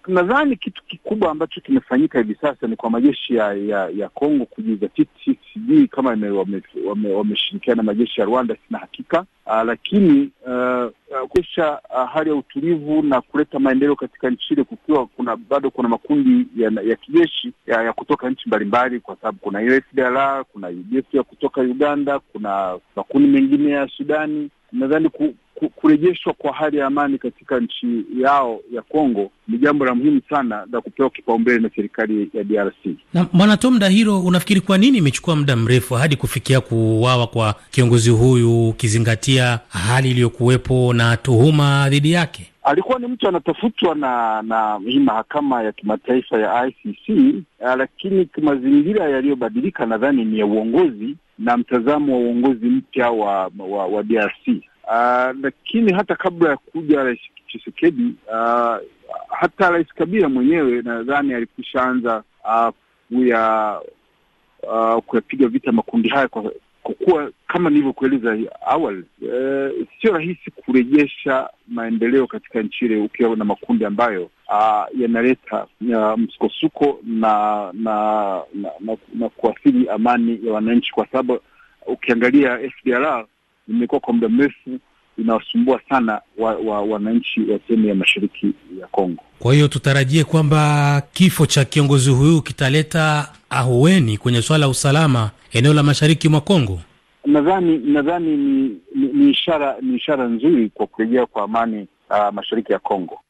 nadhani kitu kikubwa ambacho kimefanyika hivi sasa ni kwa majeshi ya ya, ya Kongo kujizatiti. Sijui kama wameshirikiana wame, wame majeshi ya Rwanda, sina hakika uh, lakini uh, eh, eh, kuesha uh, ah, hali ya utulivu na kuleta maendeleo katika nchi ile, kukiwa kuna bado kuna makundi ya, ya kijeshi ya, ya kutoka nchi mbalimbali, kwa sababu kuna FDLR, kuna UDF ya kutoka Uganda, kuna makundi mengine ya Sudani nadhani ku, ku, kurejeshwa kwa hali ya amani katika nchi yao ya Kongo ni jambo la muhimu sana la kupewa kipaumbele na serikali ya DRC. Na Bwana Tom Dahiro, unafikiri kwa nini imechukua muda mrefu hadi kufikia kuuawa kwa kiongozi huyu, ukizingatia hali iliyokuwepo na tuhuma dhidi yake? Alikuwa ni mtu anatafutwa na na hii mahakama ya kimataifa ya ICC, lakini mazingira yaliyobadilika nadhani ni ya uongozi na mtazamo wa uongozi mpya wa, wa, wa DRC. Uh, ah, lakini hata kabla ya kuja Rais chisekedi uh, ah, hata Rais Kabila mwenyewe nadhani alikushaanza uh, ah, kuya uh, kuyapiga vita makundi haya kwa, kwa kuwa kama nilivyokueleza awali, e, sio rahisi kurejesha maendeleo katika nchi ile ukiwa na makundi ambayo ah, yanaleta ya ah, msukosuko na na na, na, na kuathiri amani ya wananchi, kwa sababu ukiangalia fdr imekuwa kwa muda mrefu inawasumbua sana wananchi wa, wa, wa sehemu ya mashariki ya Kongo. Kwa hiyo tutarajie kwamba kifo cha kiongozi huyu kitaleta ahueni kwenye swala la usalama eneo la mashariki mwa Kongo. Nadhani nadhani ni, ni, ni ishara ni ishara nzuri kwa kurejea kwa amani uh, mashariki ya Kongo.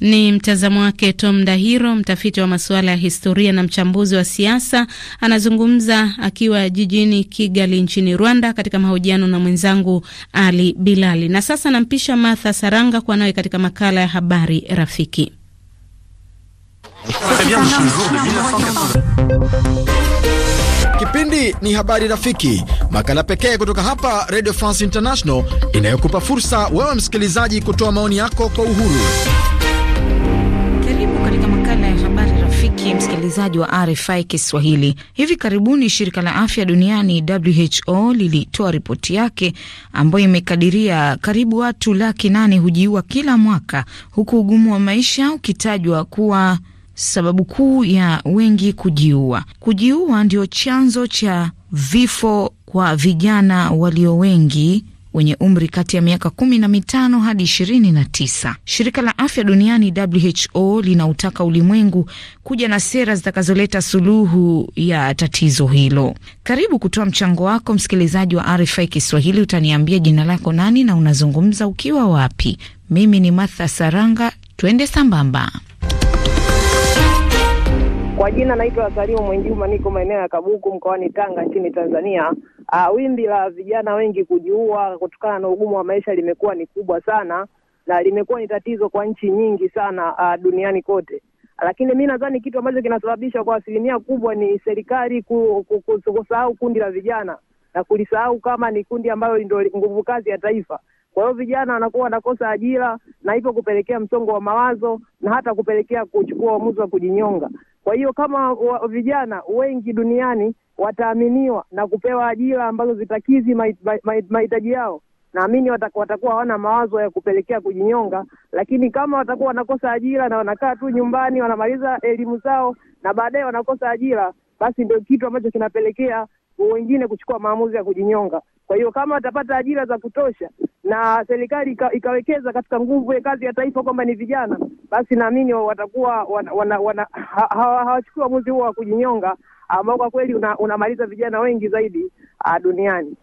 Ni mtazamo wake Tom Dahiro, mtafiti wa masuala ya historia na mchambuzi wa siasa. Anazungumza akiwa jijini Kigali nchini Rwanda, katika mahojiano na mwenzangu Ali Bilali. Na sasa nampisha Martha Saranga kwa nawe katika makala ya habari rafiki. Kipindi ni habari rafiki, makala pekee kutoka hapa Radio France International inayokupa fursa wewe msikilizaji kutoa maoni yako kwa uhuru. Karibu katika makala ya habari rafiki, msikilizaji wa RFI Kiswahili. Hivi karibuni shirika la afya duniani WHO lilitoa ripoti yake ambayo imekadiria karibu watu laki nane hujiua kila mwaka, huku ugumu wa maisha ukitajwa kuwa sababu kuu ya wengi kujiua. Kujiua ndio chanzo cha vifo kwa vijana walio wengi wenye umri kati ya miaka kumi na mitano hadi ishirini na tisa. Shirika la afya duniani WHO linautaka ulimwengu kuja na sera zitakazoleta suluhu ya tatizo hilo. Karibu kutoa mchango wako, msikilizaji wa RFI Kiswahili. Utaniambia jina lako nani na unazungumza ukiwa wapi? Mimi ni Martha Saranga, twende sambamba. Kwa jina naitwa Salimu Mwenjuma, niko maeneo ya Kabuku mkoani Tanga nchini Tanzania. Uh, wimbi la vijana wengi kujiua kutokana na ugumu wa maisha limekuwa ni kubwa sana na limekuwa ni tatizo kwa nchi nyingi sana uh, duniani kote, lakini mi nadhani kitu ambacho kinasababisha kwa asilimia kubwa ni serikali kusahau kundi la vijana na kulisahau kama ni kundi ambayo ndio nguvu kazi ya taifa. Kwa hiyo vijana wanakuwa wanakosa ajira na hivyo kupelekea msongo wa mawazo na hata kupelekea kuchukua uamuzi wa kujinyonga. Kwa hiyo kama wa, vijana wengi duniani wataaminiwa na kupewa ajira ambazo zitakizi mahitaji yao, naamini watakuwa hawana mawazo ya kupelekea kujinyonga. Lakini kama watakuwa wanakosa ajira na wanakaa tu nyumbani, wanamaliza elimu zao na baadaye wanakosa ajira, basi ndio kitu ambacho kinapelekea wengine kuchukua maamuzi ya kujinyonga. Kwa hiyo kama watapata ajira za kutosha na serikali ikawekeza katika nguvu ya kazi ya taifa kwamba ni vijana, basi naamini watakuwa hawachukui uamuzi huo wa kujinyonga, ambao kwa kweli una, unamaliza vijana wengi zaidi uh, duniani.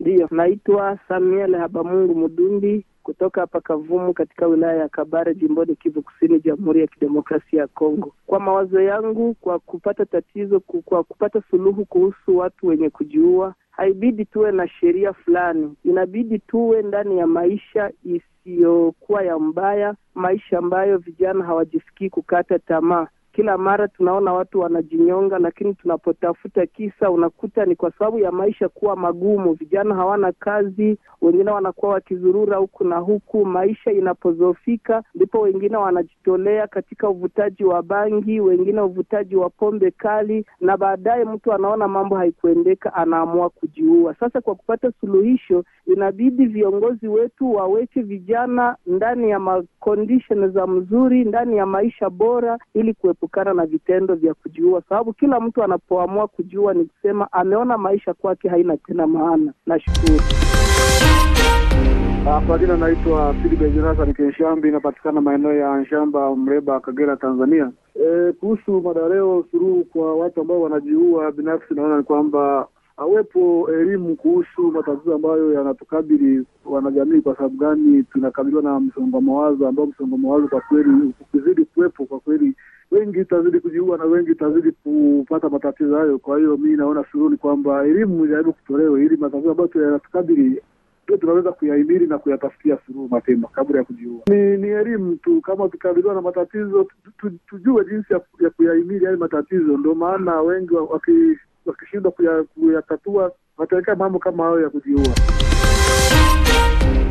Ndiyo, naitwa Samuel Habamungu Mudumbi kutoka hapa Kavumu katika wilaya ya Kabare jimboni Kivu Kusini, Jamhuri ya Kidemokrasia ya Kongo. Kwa mawazo yangu, kwa kupata tatizo, kwa kupata suluhu kuhusu watu wenye kujiua, haibidi tuwe na sheria fulani, inabidi tuwe ndani ya maisha isiyokuwa ya mbaya, maisha ambayo vijana hawajisikii kukata tamaa. Kila mara tunaona watu wanajinyonga, lakini tunapotafuta kisa unakuta ni kwa sababu ya maisha kuwa magumu. Vijana hawana kazi, wengine wanakuwa wakizurura huku na huku. Maisha inapozofika, ndipo wengine wanajitolea katika uvutaji wa bangi, wengine uvutaji wa pombe kali, na baadaye mtu anaona mambo haikuendeka, anaamua kujiua. Sasa kwa kupata suluhisho, inabidi viongozi wetu waweke vijana ndani ya makondishen za mzuri, ndani ya maisha bora ili kuepuka kuepukana na vitendo vya kujiua, sababu kila mtu anapoamua kujiua ni kusema ameona maisha kwake haina tena maana. Nashukuru. Ah, kwa jina naitwa Fili Bejirasa Nikenshambi, inapatikana maeneo ya Nshamba, Mreba, Kagera, Tanzania. E, kuhusu mada leo, suruhu kwa watu ambao wanajiua, binafsi naona ni kwamba hawepo elimu kuhusu matatizo ambayo yanatukabili wanajamii. Kwa sababu gani? Tunakabiliwa na msongo mawazo ambao msongo mawazo kwa kweli ukizidi kuwepo, kwa kweli wengi utazidi kujiua na wengi utazidi kupata matatizo hayo. Kwa hiyo mi naona ni kwamba elimu ijaribu kutolewa ili matatizo ambayo yanatukabili ndio tunaweza kuyahimili na kuyatafutia suluhu mapema kabla ya kujiua. Ni, ni elimu tu. Kama tukabiliwa na matatizo tujue jinsi ya, ya kuyahimili yale matatizo. Ndio maana wengi wakishindwa waki kuyatatua wataelekea mambo kama hayo ya kujiua.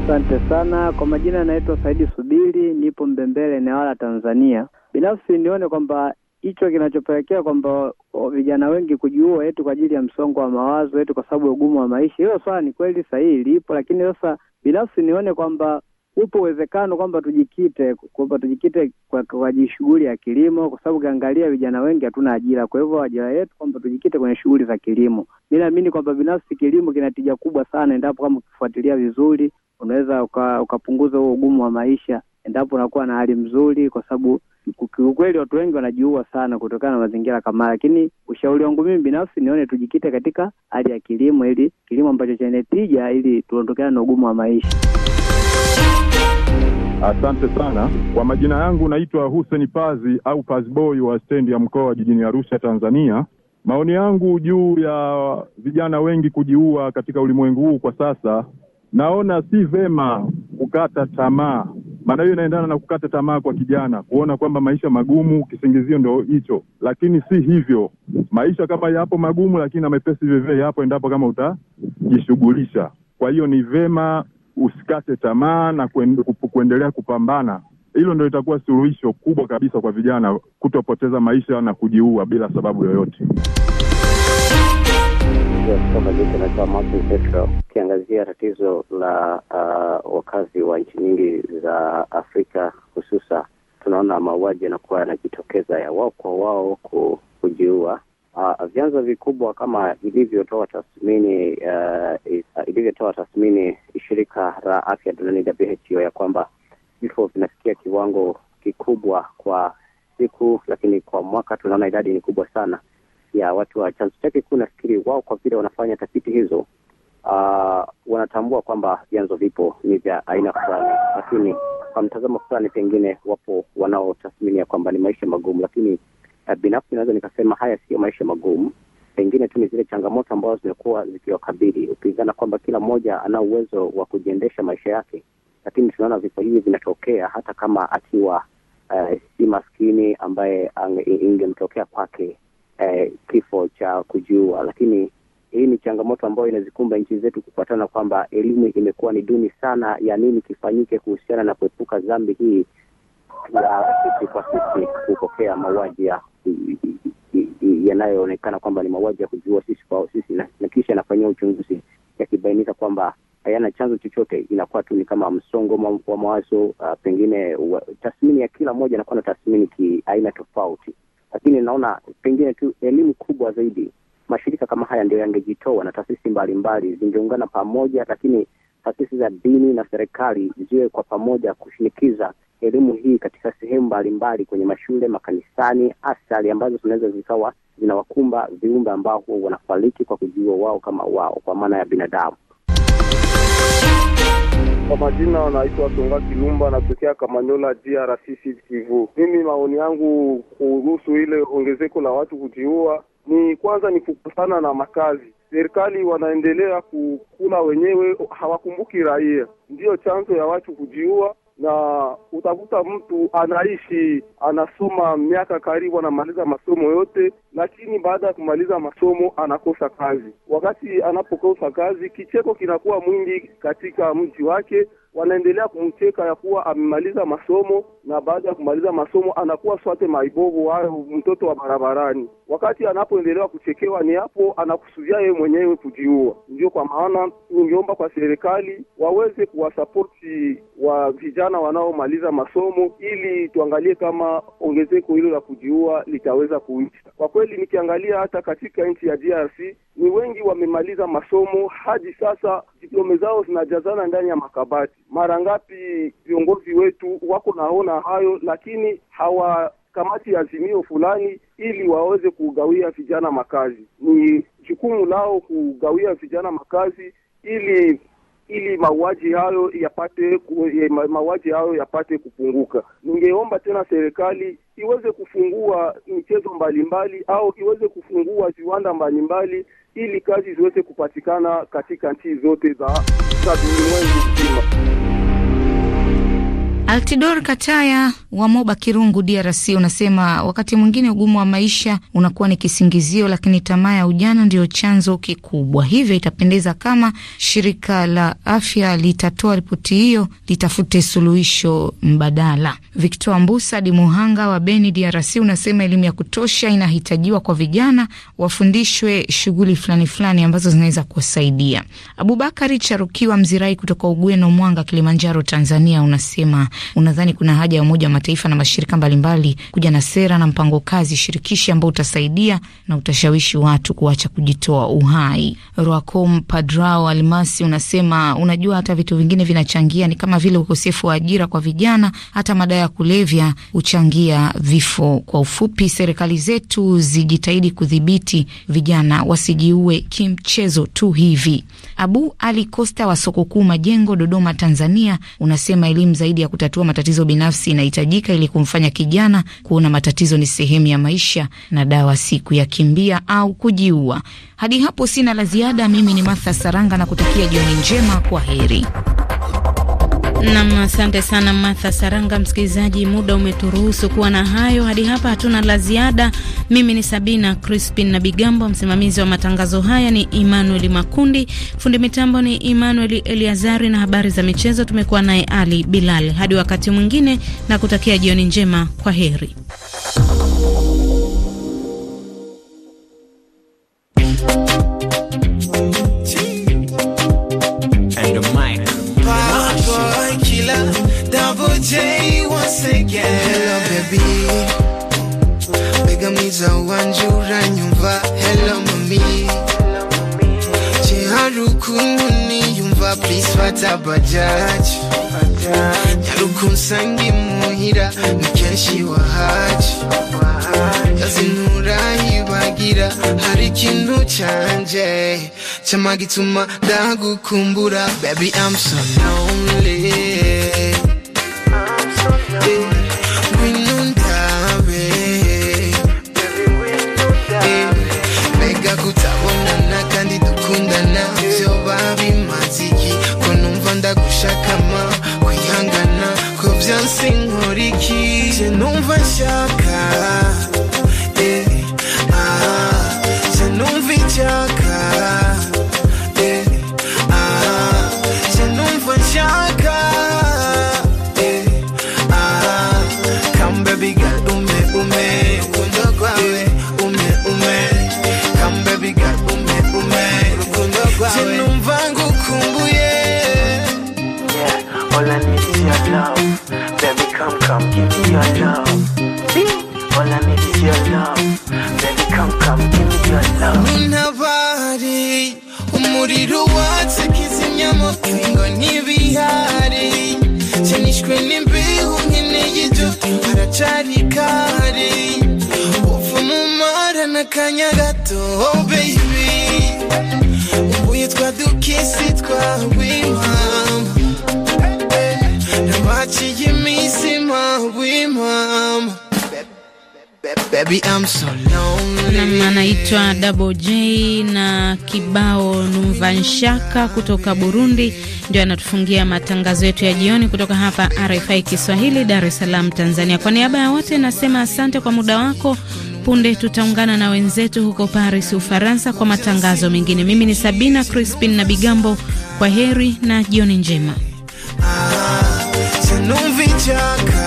Asante sana kwa majina, yanaitwa Saidi Subiri, nipo Mbembele Newala, Tanzania. Binafsi nione kwamba hicho kinachopelekea kwamba vijana wengi kujiua yetu kwa ajili ya msongo wa mawazo yetu kwa sababu ya ugumu wa maisha, hilo swala ni kweli sahihi lipo, lakini sasa binafsi nione kwamba upo uwezekano kwamba tujikite kwamba tujikite kwa, kwaji shughuli ya kilimo, kwa sababu ukiangalia vijana wengi hatuna ajira. Kwa hivyo ajira yetu kwamba tujikite kwenye shughuli za kilimo. Mi naamini kwamba binafsi kilimo kina tija kubwa sana, endapo kama ukifuatilia vizuri, unaweza ukapunguza huo ugumu wa maisha, endapo unakuwa na hali mzuri, kwa sababu kiukweli watu wengi wanajiua sana kutokana na mazingira kama, lakini ushauri wangu mimi binafsi nione tujikite katika hali ya kilimo, ili kilimo ambacho chenye tija, ili tuondokane na ugumu wa maisha. Asante sana kwa majina yangu, naitwa Huseni Pazi au Pazboy wa stendi ya mkoa jijini Arusha, Tanzania. Maoni yangu juu ya vijana wengi kujiua katika ulimwengu huu kwa sasa, naona si vema kukata tamaa, maana hiyo inaendana na kukata tamaa kwa kijana, kuona kwamba maisha magumu, kisingizio ndo hicho, lakini si hivyo. Maisha kama yapo magumu, lakini na mepesi vivyo yapo endapo kama utajishughulisha. Kwa hiyo ni vema usikate tamaa na kuendelea kupambana. Hilo ndo itakuwa suluhisho kubwa kabisa kwa vijana kutopoteza maisha na kujiua bila sababu yoyote. Ukiangazia tatizo la uh, wakazi wa nchi nyingi za Afrika hususa, tunaona mauaji yanakuwa yanajitokeza ya wao kwa wao kujiua Uh, vyanzo vikubwa kama ilivyotoa tathmini uh, ilivyotoa tathmini shirika la afya duniani WHO ya kwamba vifo vinafikia kiwango kikubwa kwa siku, lakini kwa mwaka tunaona idadi ni kubwa sana ya watu wa. Chanzo chake kuu nafikiri wao kwa vile wanafanya tafiti hizo uh, wanatambua kwamba vyanzo vipo ni vya aina fulani, lakini kwa mtazamo fulani pengine wapo wanaotathmini ya kwamba ni maisha magumu, lakini Eh, binafsi naweza nikasema haya sio maisha magumu, pengine tu ni zile changamoto ambazo zimekuwa zikiwakabili, ukilingana kwamba kila mmoja ana uwezo wa kujiendesha maisha yake, lakini tunaona vifo hivi vinatokea hata kama akiwa uh, si maskini ambaye ingemtokea kwake uh, kifo cha kujiua, lakini hii ni changamoto ambayo inazikumba nchi zetu kufuatana kwamba elimu imekuwa ni duni sana ya nini kifanyike kuhusiana na kuepuka dhambi hii ya sisi kwa sisi kupokea mauaji ya yanayoonekana kwamba ni mauaji ya kujua sisi kwao sisi, na, na kisha anafanyia uchunguzi, yakibainika kwamba hayana chanzo chochote, inakuwa tu ni kama msongo wa mawazo uh, pengine wa, tathmini ya kila mmoja inakuwa na tathmini kiaina tofauti, lakini naona pengine tu elimu kubwa zaidi, mashirika kama haya ndio yangejitoa na taasisi mbalimbali zingeungana pamoja, lakini taasisi za dini na serikali ziwe kwa pamoja kushinikiza elimu hii katika sehemu mbalimbali kwenye mashule, makanisani, asali ambazo zinaweza zikawa zinawakumba viumbe ambao huwa wanafariki kwa kujua wao kama wao, kwa maana ya binadamu. Kwa majina wanaitwa Songa Kilumba, natokea Kamanyola, DRC Kivu. Mimi maoni yangu kuhusu ile ongezeko la watu kujiua ni kwanza, ni kukosana na makazi serikali wanaendelea kukula wenyewe, hawakumbuki raia. Ndiyo chanzo ya watu kujiua, na utakuta mtu anaishi anasoma miaka karibu, anamaliza masomo yote, lakini baada ya kumaliza masomo anakosa kazi. Wakati anapokosa kazi, kicheko kinakuwa mwingi katika mji wake wanaendelea kumcheka ya kuwa amemaliza masomo na baada ya kumaliza masomo anakuwa swate maibovu au mtoto wa barabarani. Wakati anapoendelea kuchekewa, ni hapo anakusudia yeye mwenyewe kujiua. Ndio kwa maana ningeomba kwa serikali waweze kuwasapoti wa vijana wanaomaliza masomo, ili tuangalie kama ongezeko hilo la kujiua litaweza kuisha. Kwa kweli, nikiangalia hata katika nchi ya DRC ni wengi wamemaliza masomo hadi sasa, diplome zao zinajazana ndani ya makabati mara ngapi viongozi wetu wako naona hayo, lakini hawakamati azimio fulani ili waweze kugawia vijana makazi. Ni jukumu lao kugawia vijana makazi ili ili mauaji hayo yapate eh, mauaji hayo yapate kupunguka. Ningeomba tena serikali iweze kufungua michezo mbalimbali au iweze kufungua viwanda mbalimbali ili kazi ziweze kupatikana katika nchi zote za ulimwengu. Altidor Kataya wa Moba Kirungu, DRC, unasema wakati mwingine ugumu wa maisha unakuwa ni kisingizio, lakini tamaa ya ujana ndiyo chanzo kikubwa. Hivyo itapendeza kama shirika la afya litatoa ripoti hiyo, litafute suluhisho mbadala. Victor Mbusa di Muhanga wa Beni, DRC, unasema elimu ya kutosha inahitajiwa kwa vijana, wafundishwe shughuli fulani fulani ambazo zinaweza kuwasaidia. Abubakari Charukiwa Mzirai kutoka Ugweno, Mwanga, Kilimanjaro, Tanzania, unasema unadhani kuna haja ya Umoja wa Mataifa na mashirika mbalimbali kuja na sera na mpango kazi shirikishi ambao utasaidia na utashawishi watu kuacha kujitoa uhai? Roacom Padrao Almasi unasema unajua, hata vitu vingine vinachangia, ni kama vile ukosefu wa ajira kwa vijana, hata madawa ya kulevya huchangia vifo. Kwa ufupi, serikali zetu zijitahidi kudhibiti vijana wasijiue kimchezo tu hivi. Abu Ali Costa wa soko kuu Majengo, Dodoma, Tanzania unasema elimu zaidi ya kutatua matatizo binafsi inahitajika ili kumfanya kijana kuona matatizo ni sehemu ya maisha na dawa si kuyakimbia au kujiua. Hadi hapo sina la ziada. Mimi ni Martha Saranga na kutakia jioni njema, kwa heri. Nam, asante sana Martha Saranga. Msikilizaji, muda umeturuhusu kuwa na hayo. Hadi hapa hatuna la ziada. Mimi ni Sabina Crispin na Bigambo, msimamizi wa matangazo haya ni Emmanuel Makundi, fundi mitambo ni Emmanuel Eliazari, na habari za michezo tumekuwa naye Ali Bilal. Hadi wakati mwingine, na kutakia jioni njema, kwa heri. baby Begamiza wanjura nyumva hello mami Chiharukuni yumva please fata bajaj Nyarukunsangi muhira ni kenshi wahaje Yazinura hibagira hari ikintu canje Chama gituma ndagukumbura Baby I'm so lonely shot cyari kahari uva mu muhanda n'akanya gato oh baby ubuye twadukisi twawima nabaciye iminsi mawe Baby, I'm so lonely. anaitwa Double J na kibao Numvanshaka kutoka Burundi, ndio anatufungia matangazo yetu ya jioni kutoka hapa RFI Kiswahili, Dar es Salaam, Tanzania. Kwa niaba ya wote nasema asante kwa muda wako. Punde tutaungana na wenzetu huko Paris, Ufaransa, kwa matangazo mengine. Mimi ni Sabina Crispin na Bigambo, kwa heri na jioni njema. Ah,